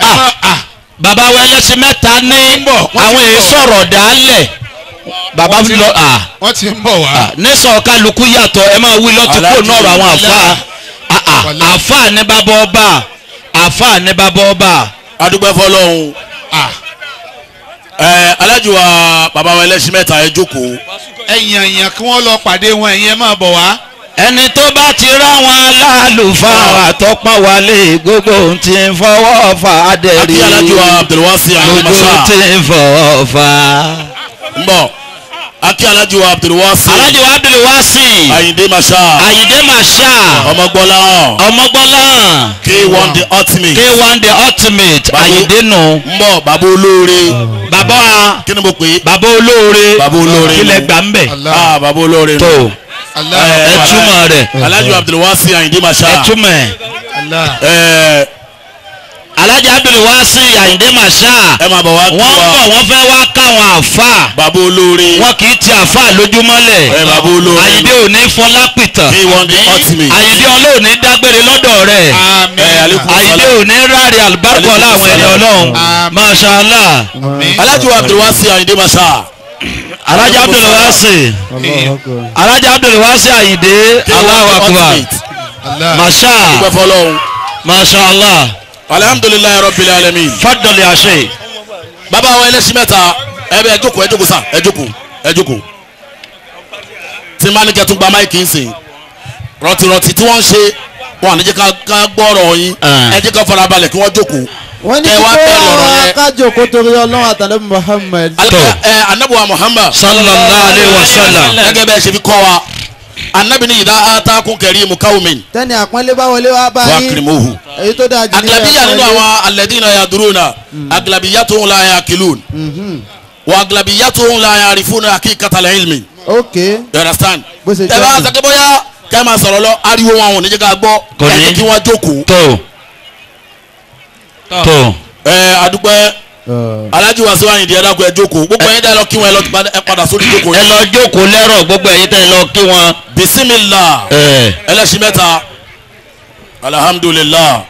Ah, ah. Baba
wa ẹlẹ́sìn mẹ́ta ní àwọn èyí sọ̀rọ̀ dálẹ̀ bàbá wí lọ à wọ́n ti ń bọ̀ wá. nísọ̀ kálukú yàtọ̀ ẹ máa wí lọ́tí kó náà rọ àwọn àfáà àfáà ní bàbá ọba àfáà ní bàbá ọba. adúgbò fọlọ́hún alájùwà bàbá wa ẹlẹ́sìn mẹ́ta ẹ jókòó. ẹ̀yìn ẹ̀yìn kí wọ́n lọ pàdé wọn ẹ̀yìn ẹ máa bọ̀ wá. ẹni tó bá ti ráwọn aláàlùfáà ah. àtọ́pọ́n wálé gbogbo ohun ń fọwọ́ fà á dẹ̀ gbogbo tí ń fọwọ́ fà á. akí alájú abdulwasi. alájú abdulwasi. ayinde masha. ayinde masha. ọmọgbọ́lá ọmọgbọ́lá k1 the ultimate. k1 the ultimate. ayinde nu. ń bọ̀ bàbá olóore. bàbá kí ni mo pè é. bàbá olóore. bàbá olóore.
Eh, ẹtúmọ̀ rẹ̀ Alhaji Abdulwasi Ayinde Marshal ẹtúmọ̀ ẹ̀ eh, Alhaji Abdulwasi Ayinde Marshal
wọ́n bọ̀ wọ́n fẹ́ wá káwọn àfa bàbá olóore wọn kì í ti àfa lójúmọ́lẹ̀ eh, bàbá olóore Ayinde òní fọlápìtàn Ayinde olóòní dágbére lọ́dọ̀ rẹ̀ Ayinde òní ráre àlùbáríkọ̀ láwọn ẹni ọlọ́run Masha Allah Alhaji Abdulwasi Ayinde Marshal alájà abdulwasi alájà abdulwasi ayinde Allahu Akbar masha masha allah alhamdulilayi rabbil alamin fadoli ase. bàbá wa ẹlẹ́sìn mẹ́ta ẹ bẹ ẹ sa ẹ jókòó ẹ jókòó tí máa ní kẹtù gba máìkì ń sìn rọtìrọtì tí wọ́n ń ṣe wọn àníjẹ́ ká gbọ́ yín ah. ẹ ká farabalẹ̀ kí wọ́n jókòó wọ́n ní kó àwọn akájòkó torí ọlọ́run àtàlẹ́ muhammed. ẹ anabuwa muhammad. sallallahu alayhi wa sallam. gẹ́gẹ́ bẹ́ẹ̀ ṣe fi kọ́ wa anabi ni yìí ata kun kẹrí mu káwọmi. tẹ́ni àpọ́nlé bá wọlé wá bá yín. wà á kiri mohu. èyí tó dáa jù ní ẹ̀ àgbàlabiya nínú àwọn alẹ́dínà ya dúró na àgbàlabiya hmm. tó ń la ya kìlún. Hmm. wà àgbàlabiya tó ń la ya rìfún na kí katalẹ̀ ilmi. ok you understand. bó ṣe jẹ́ ẹ bá sàkébọ́yá kẹ́ máa sọ̀rọ̀ lọ ariwo wọn ò ní jẹ́ ká gbọ́ kẹ́kẹ́ kí wọ́n jókòó. tó tó ẹ adúpẹ́ alájí wa síwáyìn di ẹ̀dá kó ẹ jókòó gbogbo ẹ̀yin tẹ́ lọ kí wọn ẹ padà sórí jókòó yẹn. ẹ lọ jókòó lẹ́rọ̀ gbogbo ẹ̀yin tẹ́ lọ kí wọn. bisimilá ẹlẹ́sìn mẹ́ta alhamdulillah.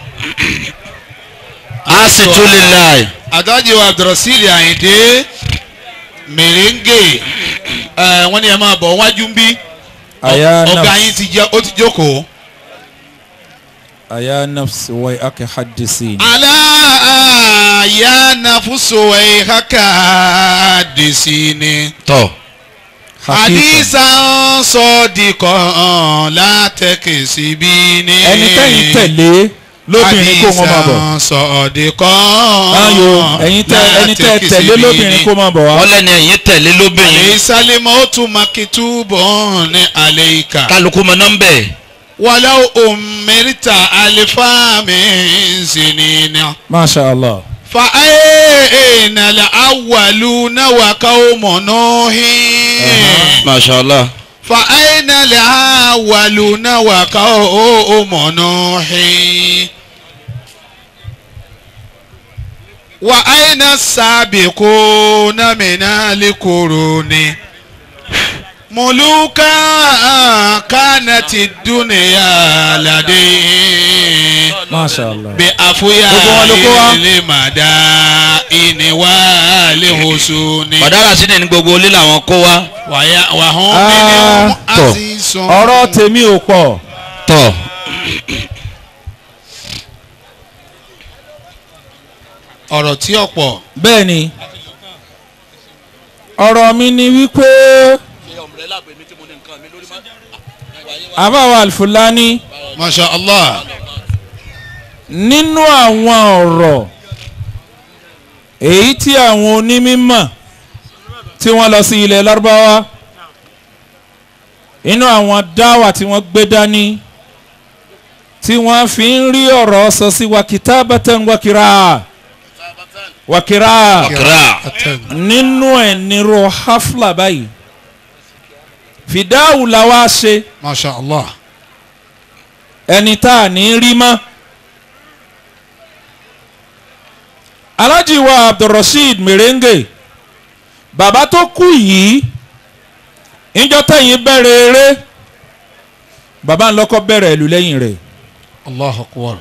asitulilá. adájí
wa abdulrasili Àyìndé mèrèǹgè ẹ wọ́n ní ẹ máa
bọ̀ wájú ń bí
ọ̀gá yín ti jókòó. أيا نفس ويحك حدثيني
ألا يا نفس ويحك حدثيني
tó àdìsá
sọ́ọ̀dìkọ̀ látẹ̀kẹ̀ síbí ni. ẹni tẹ́yìn tẹ̀lé lóbìnrin kó wọn máa bọ̀. àdìsá sọ́ọ̀dìkọ̀ látẹ̀kẹ̀ síbí ni. ẹni tẹ́yìn tẹ̀lé lóbìnrin kó máa bọ̀ wá. wọ́n lẹ́nu ẹ̀yìn tẹ̀lé lóbìnrin. àlè ìsálẹ̀ mọ́ ó tún makitu bọ̀ ọ́n ní àlè ìkà. kálukú mọ nọ́mbẹ̀ wàlá òmìnirita alifáàmì sinina.
masha allah.
fa ayé ìnàlẹ̀ awàlú náà wà káwọ́ mọ̀nà hìn.
masha
allah.
fa ayé ìnàlẹ̀ awàlú náà wà káwọ́ mọ̀nà hìn. wa ayé náà sábẹ̀ kó náà mìíràn lè kúrò ní muluka kanati duniya
lade. mashallah.
bi afuya ilé mada iniwa ilé hosu ni. ọ̀daràn sínú ni gbogbo olè làwọn kó wa. wàyà wàhán ah, mílíọ̀nù àti sùn. ọ̀rọ̀
tèmi ò
ọ̀rọ̀ tí ọ̀pọ̀.
bẹ́ẹ̀ ni ọ̀rọ̀ mi ni wípé
láàbò èmi tí mo ní nǹkan mi lórí
máa. àbáwá alfulani. masha allah. nínú àwọn ọ̀rọ̀ èyí tí àwọn onímọ̀ tí wọ́n lọ sí ilẹ̀ lárúbáwá inú àwọn dáwà tí wọ́n gbé dání tí wọ́n fi ń rí ọ̀rọ̀ sọ sí wakitabatan wakira wakira nínú ẹ̀ nírò hafla báyìí fìdáwù la wá ṣe. allah. ẹni tá a ní rí mọ́. alhaji wa abdulrasheed merenge bàbá tó kú yìí níjọ́ tẹ̀yìn bẹ̀rẹ̀ eré bàbá ńlọ́kọ́ bẹ̀rẹ̀ ìlú lẹ́yìn rẹ̀. allah akbar.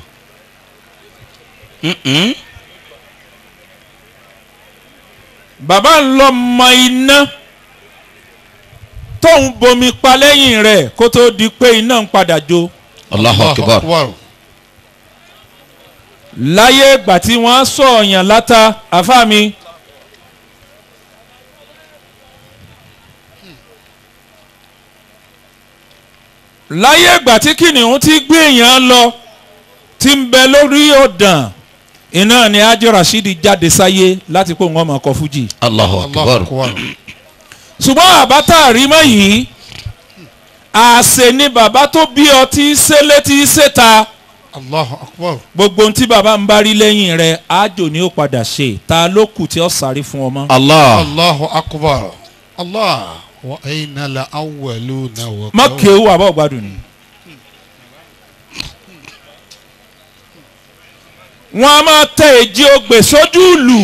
bàbá ńlọ mọ iná tóun bomi pa lẹ́yìn rẹ̀ kó tó di pé iná ń padà jó. Allahu Akbar. láyé ìgbà tí wọ́n sọ ọ̀yàn láta àfa mi. láyé ìgbà tí kìnìún ti gbé èèyàn lọ ti ń bẹ lórí ọ̀dàn iná ni ajé rasheed jáde sáyé láti pé òun ọmọ ọkọ̀ fújì. Allahu Akbar ṣùgbọ́n bàbá tá a rí mọ́ yìí àṣẹ ni bàbá tó bí ọ tí í ṣe létí í ṣe Akbar gbogbo ohun tí bàbá ń bá rí lẹ́yìn rẹ̀ àjò ni ó padà ṣe ta ló kù tí ó sáré fún ọmọ. Allah Allahu Akbar Allah wa aina la awwalu na wa. má kéwù àbọ̀ gbádùn ni. wọ́n a máa tẹ èjì ogbè sójú ìlú.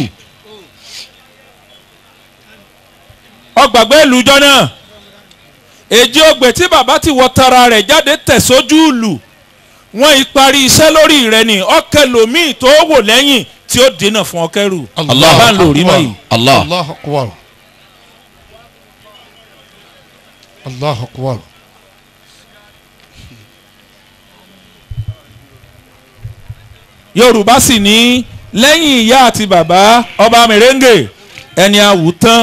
ọgbàgbé ìlú jọ́nà èjì ògbè tí bàbá ti wọ tara rẹ̀ jáde tẹ̀sójú ìlú wọ́n ìparí iṣẹ́ lórí rẹ̀ ni ọkẹ́ lomi tó wò lẹ́yìn tí ó dènà fún ọkẹ́rù bàbá ń lò rí mọ́ yìí. Allahu Akbar yorùbá sì ní lẹ́yìn ìyá àti bàbá ọba mèrèǹgè ẹni àwùtán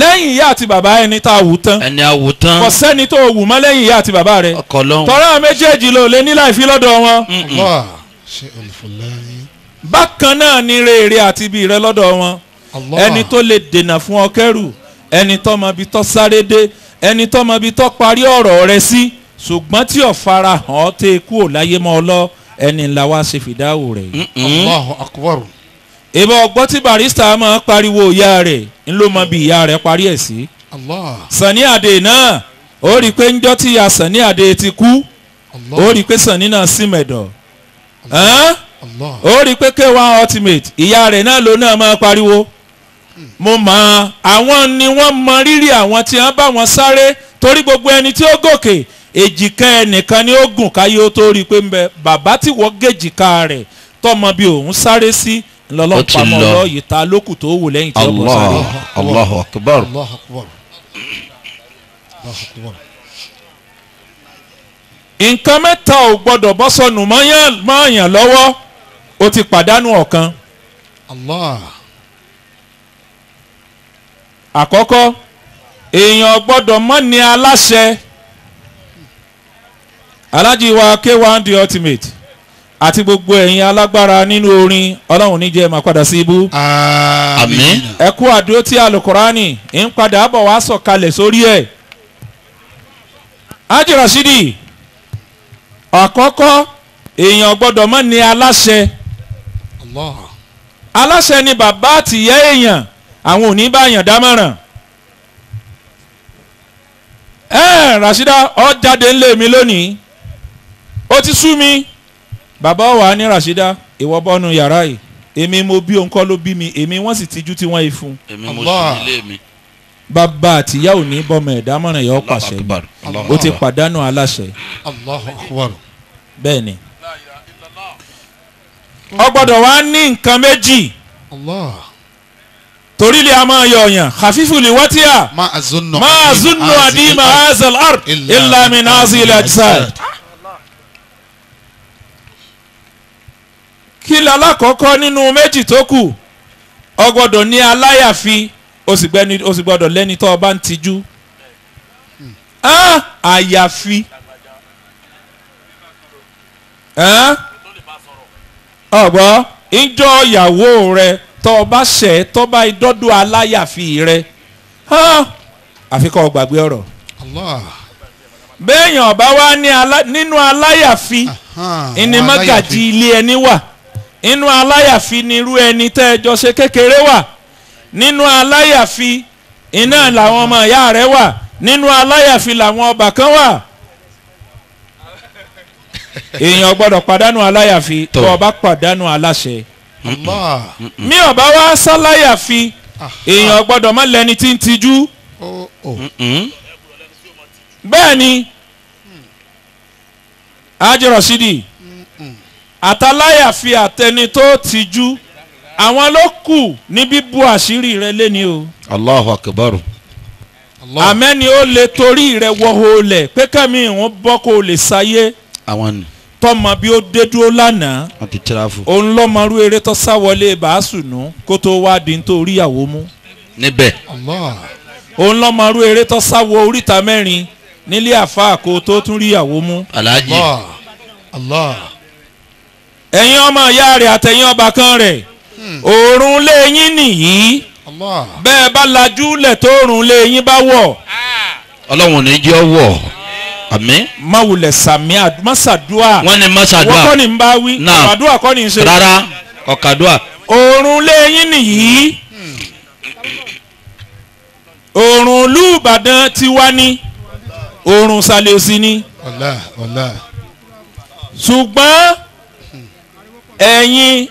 lẹ́yìn ìyá àti bàbá ẹni tá a wù tán ẹni a wù tán kò sẹ́ni tó wù mọ́ lẹ́yìn ìyá àti bàbá rẹ tọ́lá méjèèjì ló lè ní láì fi lọ́dọ̀ wọn. bákan náà ni rere àti ibi rẹ lọ́dọ̀ wọn ẹni tó lè dènà fún ọ kẹ́rù ẹni tó mọ ibi tó sáré dé ẹni tó mọ ibi tó parí ọ̀rọ̀ rẹ sí ṣùgbọ́n tí ò farahàn tẹ́ kú ò láyé mọ́ ọ lọ ẹni ńlá wa ṣe fìdáwò rẹ̀. Allahu ìbọn ọgbọ́n tí barista máa pariwo ìyá rẹ̀ ń ló mọ bí ìyá rẹ̀ parí ẹ̀ sí. Sani Ade náà ó rí i pé ńjọ́ tí a Sani Ade ti kú ó rí i pé Sani náà sí mẹ̀dọ̀ ó rí i pé k Ultimate ìyá rẹ̀ náà ló náà máa pariwo hmm. mo àwọn ni mọ rírì àwọn tí wọ́n wọn sáré torí gbogbo ẹni tí ó gòkè èjìká ẹnìkan ni ó gùn káyé ó tó rí i pé bàbá tí wọ́n tọmọ bí òun sáré Si lọ́lọ́run pamọ́ ọ̀rọ̀ yìí ta lókù tó wù lẹ́yìn tí ó bọ̀ sáré. Allahu akbar. Allahu akbar. Allahu akbar. nǹkan mẹ́ta ò gbọ́dọ̀ bọ́ sọnù mọ́yàn lọ́wọ́ ó ti pàdánù ọ̀kan. Allah. àkọ́kọ́ èèyàn gbọ́dọ̀ mọ́ ni aláṣẹ alájí k1 the ultimate àti gbogbo ẹ̀yin alágbára nínú orin ọlọ́run ní jẹ́ máa padà sí ibú. àmín. ẹ kú tí alukurani ń padà bọ̀ wá sọ̀kalẹ̀ sórí ẹ̀. ájì rasidi àkọ́kọ́ èèyàn gbọ́dọ̀ mọ̀ ní aláṣẹ. Allah. aláṣẹ ni bàbá àtìyẹ́ èèyàn àwọn ò ní bá èèyàn dámọ̀ràn. ẹ rasida ọ jáde ńlẹ̀ mi lónìí ó ti sú mi bàbá wa ní Rasheeda ìwọ bọ́nu yàrá yìí èmi mo bí òun kọ́ ló bí mi èmi wọ́n sì tijú tí wọ́n yìí fún. èmi mo sùn nílé mi. bàbá àtìyá ò ní bọ́mọ ẹ̀dámọ̀ràn yọ pàṣẹ o ti pàdánù aláṣẹ. bẹ́ẹ̀ ni ó gbọ́dọ̀ wá ní nǹkan méjì torí lè a máa yọ ọ̀yàn hafifu lè wá tíya máa zunnu adima azal ard illa min azil ajsad. kí lalákọ̀ọ́kọ́ nínú méjì tó kù ọ gbọ́dọ̀ ní aláyàfi o lẹ́ni tó bá ń tijú àyàfi ọ̀gbọ́n ìjọ ìyàwó rẹ tó o bá tó bá idọ́dọ̀ aláyàfi rẹ àfikọ́ gbàgbé ọ̀rọ̀ ọba wa nínú aláyàfi ilé ẹni wà. inú aláyàfi ni irú ẹni tẹ́ ẹ jọ ṣe kékeré wà nínú aláyàfi iná làwọn ọmọ ìyá rẹ wà nínú aláyàfi làwọn ọba kan wà èèyàn gbọ́dọ̀ pàdánù aláyàfi tó o bá pàdánù aláṣẹ mi ò bá wá èèyàn gbọ́dọ̀ má lẹni tí ń tijú oh, oh. bẹ́ẹ̀ ni sídìí àtàláyà fi àtẹni tó tijú àwọn ló kù ní bíbu àṣírí rẹ lẹ́ni o. Allahu akbar. àmẹ́ni ó lè torí rẹ wọ́hó lẹ̀ pé kẹ́mi ìwọ̀n bọ́ kó o lè sáyé. àwọn ni. tọmọ bí ó dé dúró lánàá. wọn ti tẹ́ra fún. òun lọ́mọrú eré tó sáwọlé bàásùnú kó tó wá di nítorí ìyàwó mú. níbẹ̀. òun lọ́mọrú eré tó sáwọ oríta mẹ́rin nílé àfa kó tó tún rí mú. alhaji. Allah. Allah ẹ̀yin ọmọ ìyá rẹ̀ àtẹ̀yin ọbàkan rẹ̀ òòrùn lé yín nìyí bẹ́ẹ̀ bá lajú lẹ̀ tó òòrùn lé yín bá wọ̀. ọlọ́run ní jẹ́ wọ̀ àmín. má wulẹ̀ sàmì àdúmásàdúà. wọ́n ní másàdúà wọ́n kọ́ ni n bá wí ọ̀kadúà kọ́ ni n ṣe. rárá ọ̀kadúà. òòrùn lé nìyí òòrùn ìlú ìbàdàn ti wá ní òòrùn sàlẹ̀ òsì ni. ṣùgbọ́n. ẹ̀yin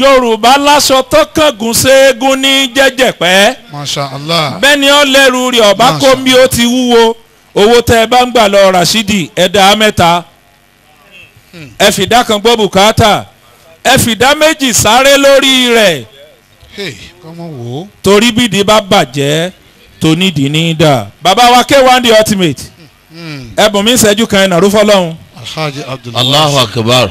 yorùbá láṣọ tó kángun ṣéégún ní jẹ́jẹ̀pẹ́. masha allah. bẹ́ẹ̀ ni ó lẹ́rù rẹ̀ ọ̀bá kó mi ó ti wúwo owó tẹ́ ẹ bá ń gbà lọ rasidi ẹ̀dá mẹ́ta ẹ fìdá kan gbọ́ bùkátà ẹ fìdá méjì sáré lórí rẹ̀. torí bídìí bá bàjẹ́ tonídìí ní í dà. bàbá wa k1 the ultimate hmm, hmm. ẹ̀bùn mi ń ṣẹ́jú kan ẹ̀ nàró fọlọ́run. alhaji abdullahi.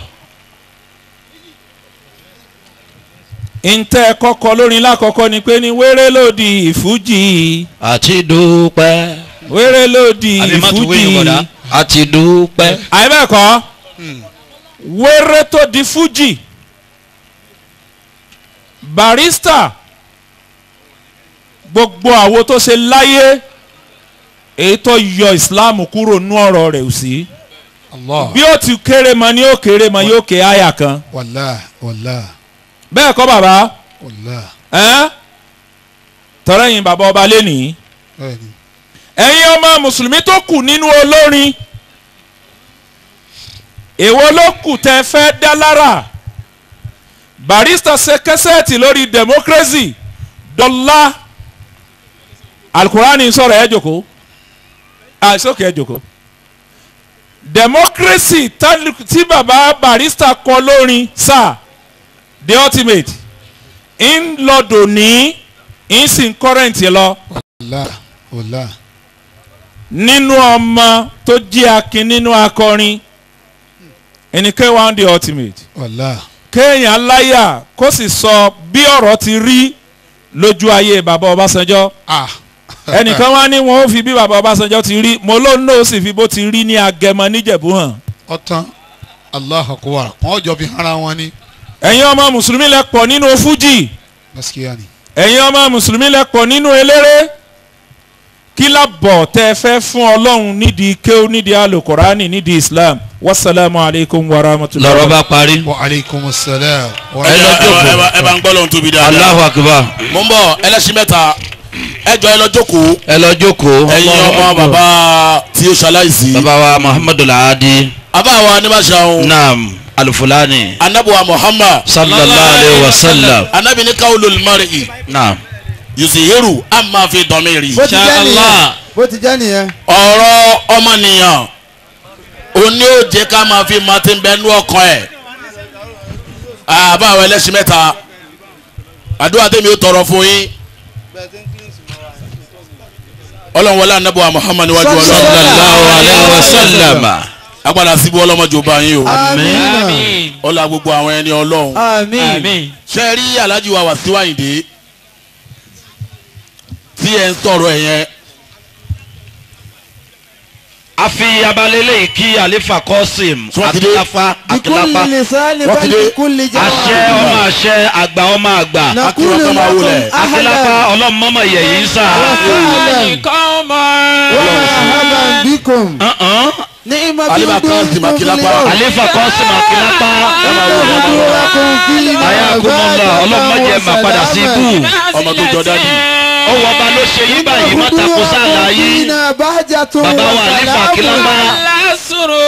ntẹ kọkọ lórin lákọ̀ọ́kọ́ ni pé ní wéré lòdì ìfújì. àti dúpẹ́. wéré lòdì ìfújì. àti dúpẹ́. àìbẹ́ẹ̀kọ́ hmm. wéré tó di fújì barista gbogbo àwo tó ṣe láyé èyí tó yọ islam kúrò nú ọ̀rọ̀ rẹ̀ ò sí. bí ó ti kéré mọ ni ó kéré mọ yóò ké àyà kan. wàlá wàlá bẹ́ẹ̀ kọ́ bàbá tọ́rọ yìí bàbá ọba lẹ́nìí ẹ̀yin ọmọ mùsùlùmí tó kù nínú olórin èwo ló kù tẹ́ fẹ́ dá lára barista ṣe kẹsẹ́ẹ̀tì lórí democracy dọ́là alukurani sọ̀rọ̀ ẹ̀ jòkó àìsókè ah, ẹ̀ jòkó democracy tí bàbá barista kọ lórin sáà the ultimate in lọ dòní in sì ń kọ́rẹ́ǹtì lọ. ọ̀la ọ̀la. nínú ọmọ tó jẹ́ akin nínú akọrin ẹni k1 the ultimate. ọ̀la. kéèyàn láyà kó sì sọ bí ọ̀rọ̀ ti rí lójú ayé bàbá Ọbásanjọ́. ah ẹnìkan wá ní wọn ó fi bí bàbá Ọbásanjọ́ ti rí mo ló ń lò ó sì fi bó ti rí ní Agẹmọ níjẹ̀bú hàn. ọ̀tán Allahu Akbar kàn ọjọ́ fi hara wọn ni ẹ̀yin ọmọ mùsùlùmí lẹ pọ̀ nínú fújì ẹ̀yin ọmọ mùsùlùmí lẹ pọ̀ nínú eléré kí lábọ̀ tẹ́ ẹ fẹ́ fún ọlọ́run nídìí kéw nídìí alukurani nídìí islam wasalaamu alaykum wa rahmatulah. lọ́rọ̀ bá parí. wa aleykum salaam. ẹ
lọ ẹ bá ń gbọ́ lóhun tóbi dáadáa. Allahu akbar. mo ń bọ̀ ẹlẹ́sìn mẹ́ta ẹ jọ ẹ lọ jókòó. ẹ lọ jókòó. ẹ̀yin ọmọ bàbá tí ó ṣaláìsí. bàbá wa muhammadu lahadi. àbá wa ni bá ṣe àwọn. naam alufulani. anabi wa muhammad. sallallahu alayhi wa sallam. anabi ni kawulul mari'i. naam. yuzihiru amma fi domiri. bó ti jẹ́ nìyẹn bó ti jẹ́ nìyẹn. ọ̀rọ̀ ọmọnìyàn òní ò jẹ́ ká máa fi máa ti bẹ nú ọkàn ẹ̀ àbá ẹlẹ́sìn mẹ́ta àdúrà tèmi ó tọrọ fún yín ọlọ́run wọlé anabi wa muhammad wájú ọlọ́run. sallallahu alayhi wa sallam agbada síbi ọlọ́mọjò bá yín o àmín ọlá gbogbo àwọn ẹni ọlọ́run àmín ṣe rí alhaji wa Wasiu Ayinde tí ẹ ń sọ̀rọ̀ ẹ̀ yẹn. a fi abalẹ̀lẹ̀ kí alifa kọ́sìm akílafa
akílafa àṣẹ ọmọ
àṣẹ àgbà ọmọ àgbà akílafa ọlọ́mọmọ yẹ̀yìn sá. ọlọ́mọ yẹ̀yìn sá alifa kọsi makilapa. pa. kọsi makilapa. aya kumọba ọlọmọdé ma padà sí ibú. ọmọ tó jọ dání. ó wọ ọba ló ṣe yí báyìí má takò
sáàlà yìí. bàbá wa alifa kilapa.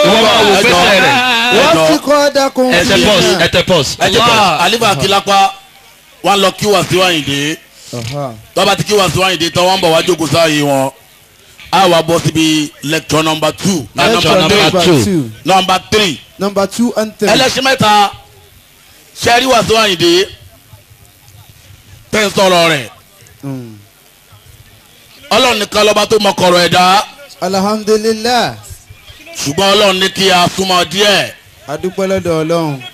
ìwọ
máa wò fẹsẹ̀ rẹ̀. wọ́n ti kọ́ dákun. ẹsẹ̀ pọ́s ẹsẹ̀
pọ́s. ẹsẹ̀ pọ́s
alifa kilapa wọn lọ kí wàásù àyìndé tọ́ba ti kí wàásù àyìndé tọ́ wọn bọ̀ wá jókòó sáàyè wọn a wá bọ́ síbi lecture number two. lecture number two. number three. number two and three. ẹlẹ́sìn mẹ́ta sẹ́rí Wasiu Ayinde tẹ́ ń sọ̀rọ̀ rẹ̀ hmm. ọlọ́run nìkan lọ́ba tó mọ kọ̀rọ̀ ẹ̀dá. alhamdulilayi. ṣùgbọ́n ọlọ́run ní kí a súnmọ́ díẹ̀. adúpẹ́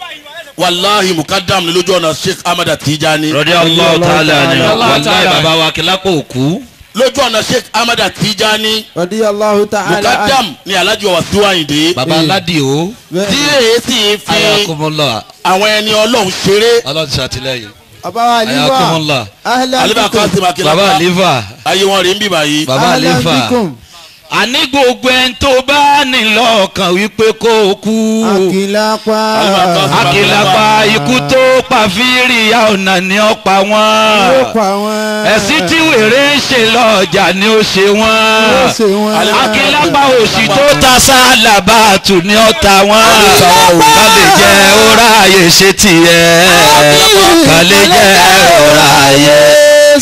walahi mukadam ni lójú ọ̀nà sheikh ahmed tijani. rọ̀dí allah ta'ala ni walahi baba wa kìlákò kú lójú ọ̀nà sheikh ahmed atijani. radiyallahu ta'ala mukadam ni alhaji wasiu ayinde. baba eh. aladi o. tí èyí fi àwọn ẹni ọlọ́run ṣeré. ọlọ́run ṣàtìlẹ́yìn.
baba aliva
aliva kọ́sìmọ̀ kìlá. baba aliva. ayé wọn rè ń bì báyìí. baba aliva àní gbogbo ẹni tó bá ní lọ́ọ̀kàn wípé kó
o kú. àkìlápá àkìlápá ikú tó pa fírí ya
ọ̀nà ni ó pa wọ́n. ẹ̀sìn tí wèrè ń ṣe lọ́ọ̀jà ni ó ṣe wọ́n. àkìlápá òṣì tó ta sálàbà tù ni ó ta wọ́n. ká lè jẹ́ ọ̀rá ayé ṣe tiẹ̀. ká
lè jẹ́ ọ̀rá ayé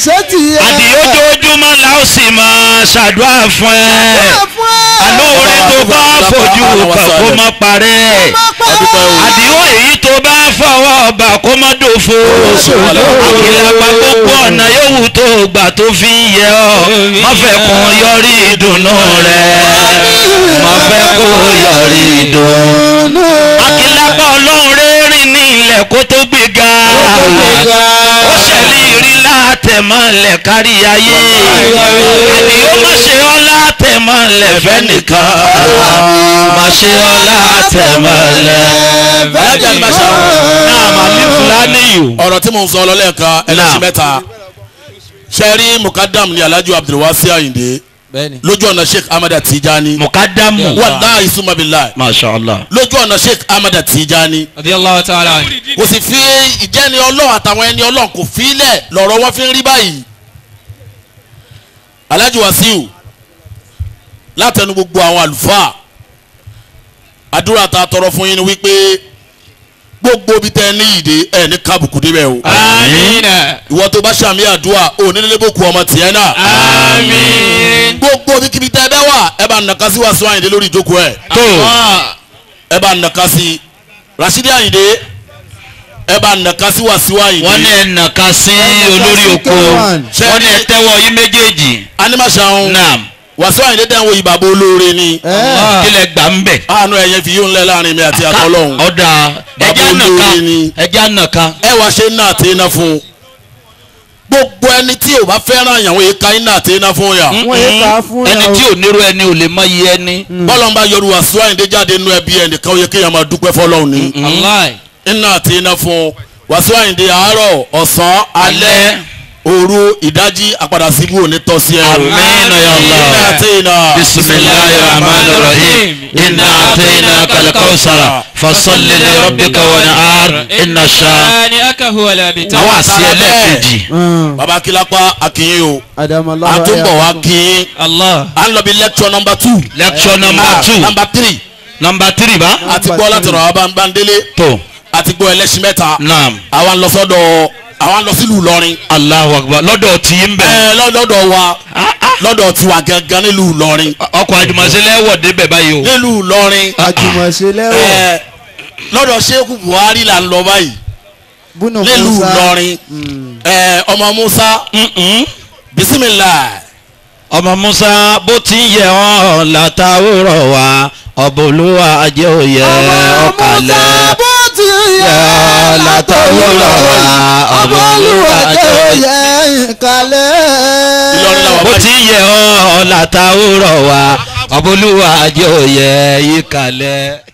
ṣe tiẹ̀. àdìyójó mọ́ la ó sì máa
ṣàdúrà fún ẹ. àlóore tó bá fojú kàn kó má parẹ́. àdìwọ́ èyí tó bá fọwọ́ ọba kó má dòfo.
àkìlà pàgbọ́pọ̀ ọ̀nà yòówù tó gbà tó fi yẹ ọ́. má fẹ́ kó yọrí ìdùnnú rẹ̀. má fẹ́ kó yọrí ìdùnnú. àkìlà pa ọlọ́run rẹ́rìn ní ilẹ̀ kó tó gbéga. ó ṣẹlẹ̀ rí látẹ̀mọ́lẹ̀ kárí ayé ènìyàn
má ṣe ọ́ látẹ̀mọ́lẹ̀ fẹ́nìkan má ṣe ọ́ látẹ̀mọ́lẹ̀ fẹ́nìkan. ọ̀rọ̀ tí mo ń sọ ọlọ́lẹ́ẹ̀kan ẹlẹ́sìn mẹ́ta ṣe rí mukadam ni alhaji abdulwasi ayinde lójú ọ̀nà sheikh amada tijani. mukadamu wàllayi sumabilayi. masha allah. lójú ọ̀nà sheikh amada tijani. radiyallahu ta'ala. kò sì fi ìjẹni ọlọ́run àtàwọn ẹni ọlọ́run kò fi ilẹ̀ lọ́rọ̀ wọn fi ń rí báyìí. alhaji wasiu látẹnu gbogbo àwọn àlùfáà àdúrà tá a tọrọ fún yín ni wípé gbogbo bí tẹ ní ìdè ẹ ní kábùkù débẹ̀ o. amiina. ìwọ tó bá ṣàmì àdúrà onílélẹ́bùkù ọmọ tiẹ̀ náà. amiina. gbogbo bí kíbi tẹ bẹ́ wà ẹ bá nàka sí wàásù àyìndé lórí ìjókòó ẹ. tó ẹ bá nàka sí Rasidi àyìndé ẹ bá nàka sí wàásù àyìndé. wọ́n ní ẹ nàka sí olórí oko wọ́n ní ẹ tẹ́wọ́ yín méjèèjì. animasan. naam wàsíù àyìndé dẹ́n wo ìbàbọ̀ olóore ni eh. kílẹ̀ gbà ń bẹ̀. àánú ẹ̀yẹ fi yóò ń lẹ láàrin mi àti àtọ́lọ́hún. ọ̀dà ẹ̀jẹ̀ ànàká ẹ̀jẹ̀ ànàká. ẹ wá ṣe iná àti iná fún un gbogbo ẹni tí o bá fẹ́ràn àyàn wọ́n yé ka iná àti iná fún yà. wọ́n yé ka fún yà o ẹni tí ò nírú ẹni ò lè má yí ẹni. Mm. bọ́lá ń bá yọrù wàsíù àyìndé jáde nínú ẹbí ẹnìkan ó yẹ kéèyàn máa dúpẹ́ fọlọ́hún òru ìdájí àpadà síbú òní tọ́ sí ẹ. amínà ya Allah. iná àtẹ̀yìnà. bisimilayi rahman rahim. iná
kalikawusara. fasalli li rabbika wa nahar. iná ṣá.
àwọn àṣì ẹlẹ́ẹ̀kejì. baba kilapa akinye o. adamalaba ya àtúbọ̀ wa kin. à lọ bí lecture number two. lecture number ah, two. number three. number three ba. àti gbọ́ látọ̀rọ̀ abanbandele. tó àti gbọ́ ẹlẹ́sìn mẹ́ta. naam. àwa ń lọ sọ́dọ̀ àwa lọ sílùú Ìlọrin. Allahu Akbar lọ́dọ̀ tí ń bẹ̀. ẹ eh, lọ́dọ̀ wa ah, ah. lọ́dọ̀ tiwa gangan nílùú Ìlọrin. ọkọ̀ àjùmọ̀sílẹ̀ wọ̀ débẹ̀ báyìí o. nílùú Ìlọrin. Ah, àjùmọ̀sílẹ̀ wọ̀. Eh, lọ́dọ̀ Ṣẹ́kù Buhari là ń lọ báyìí. nílùú Ìlọrin. Mm. Eh, ọmọ Musa. bisimilah. ọmọ Musa bó ti ń yẹ ọ́ látàwòrán wa ọ̀bùnlúwà ajé òye
ọ̀kàlẹ̀. ọmọ Musa bó yẹ látọwọ́ lọ́wọ́ ọmọ olúwa tó yẹ kálẹ̀. bó ti yẹ ọ́
látàwọ̀ rọ̀ wá ọmọ olúwa jẹ́ òye yìí kálẹ̀.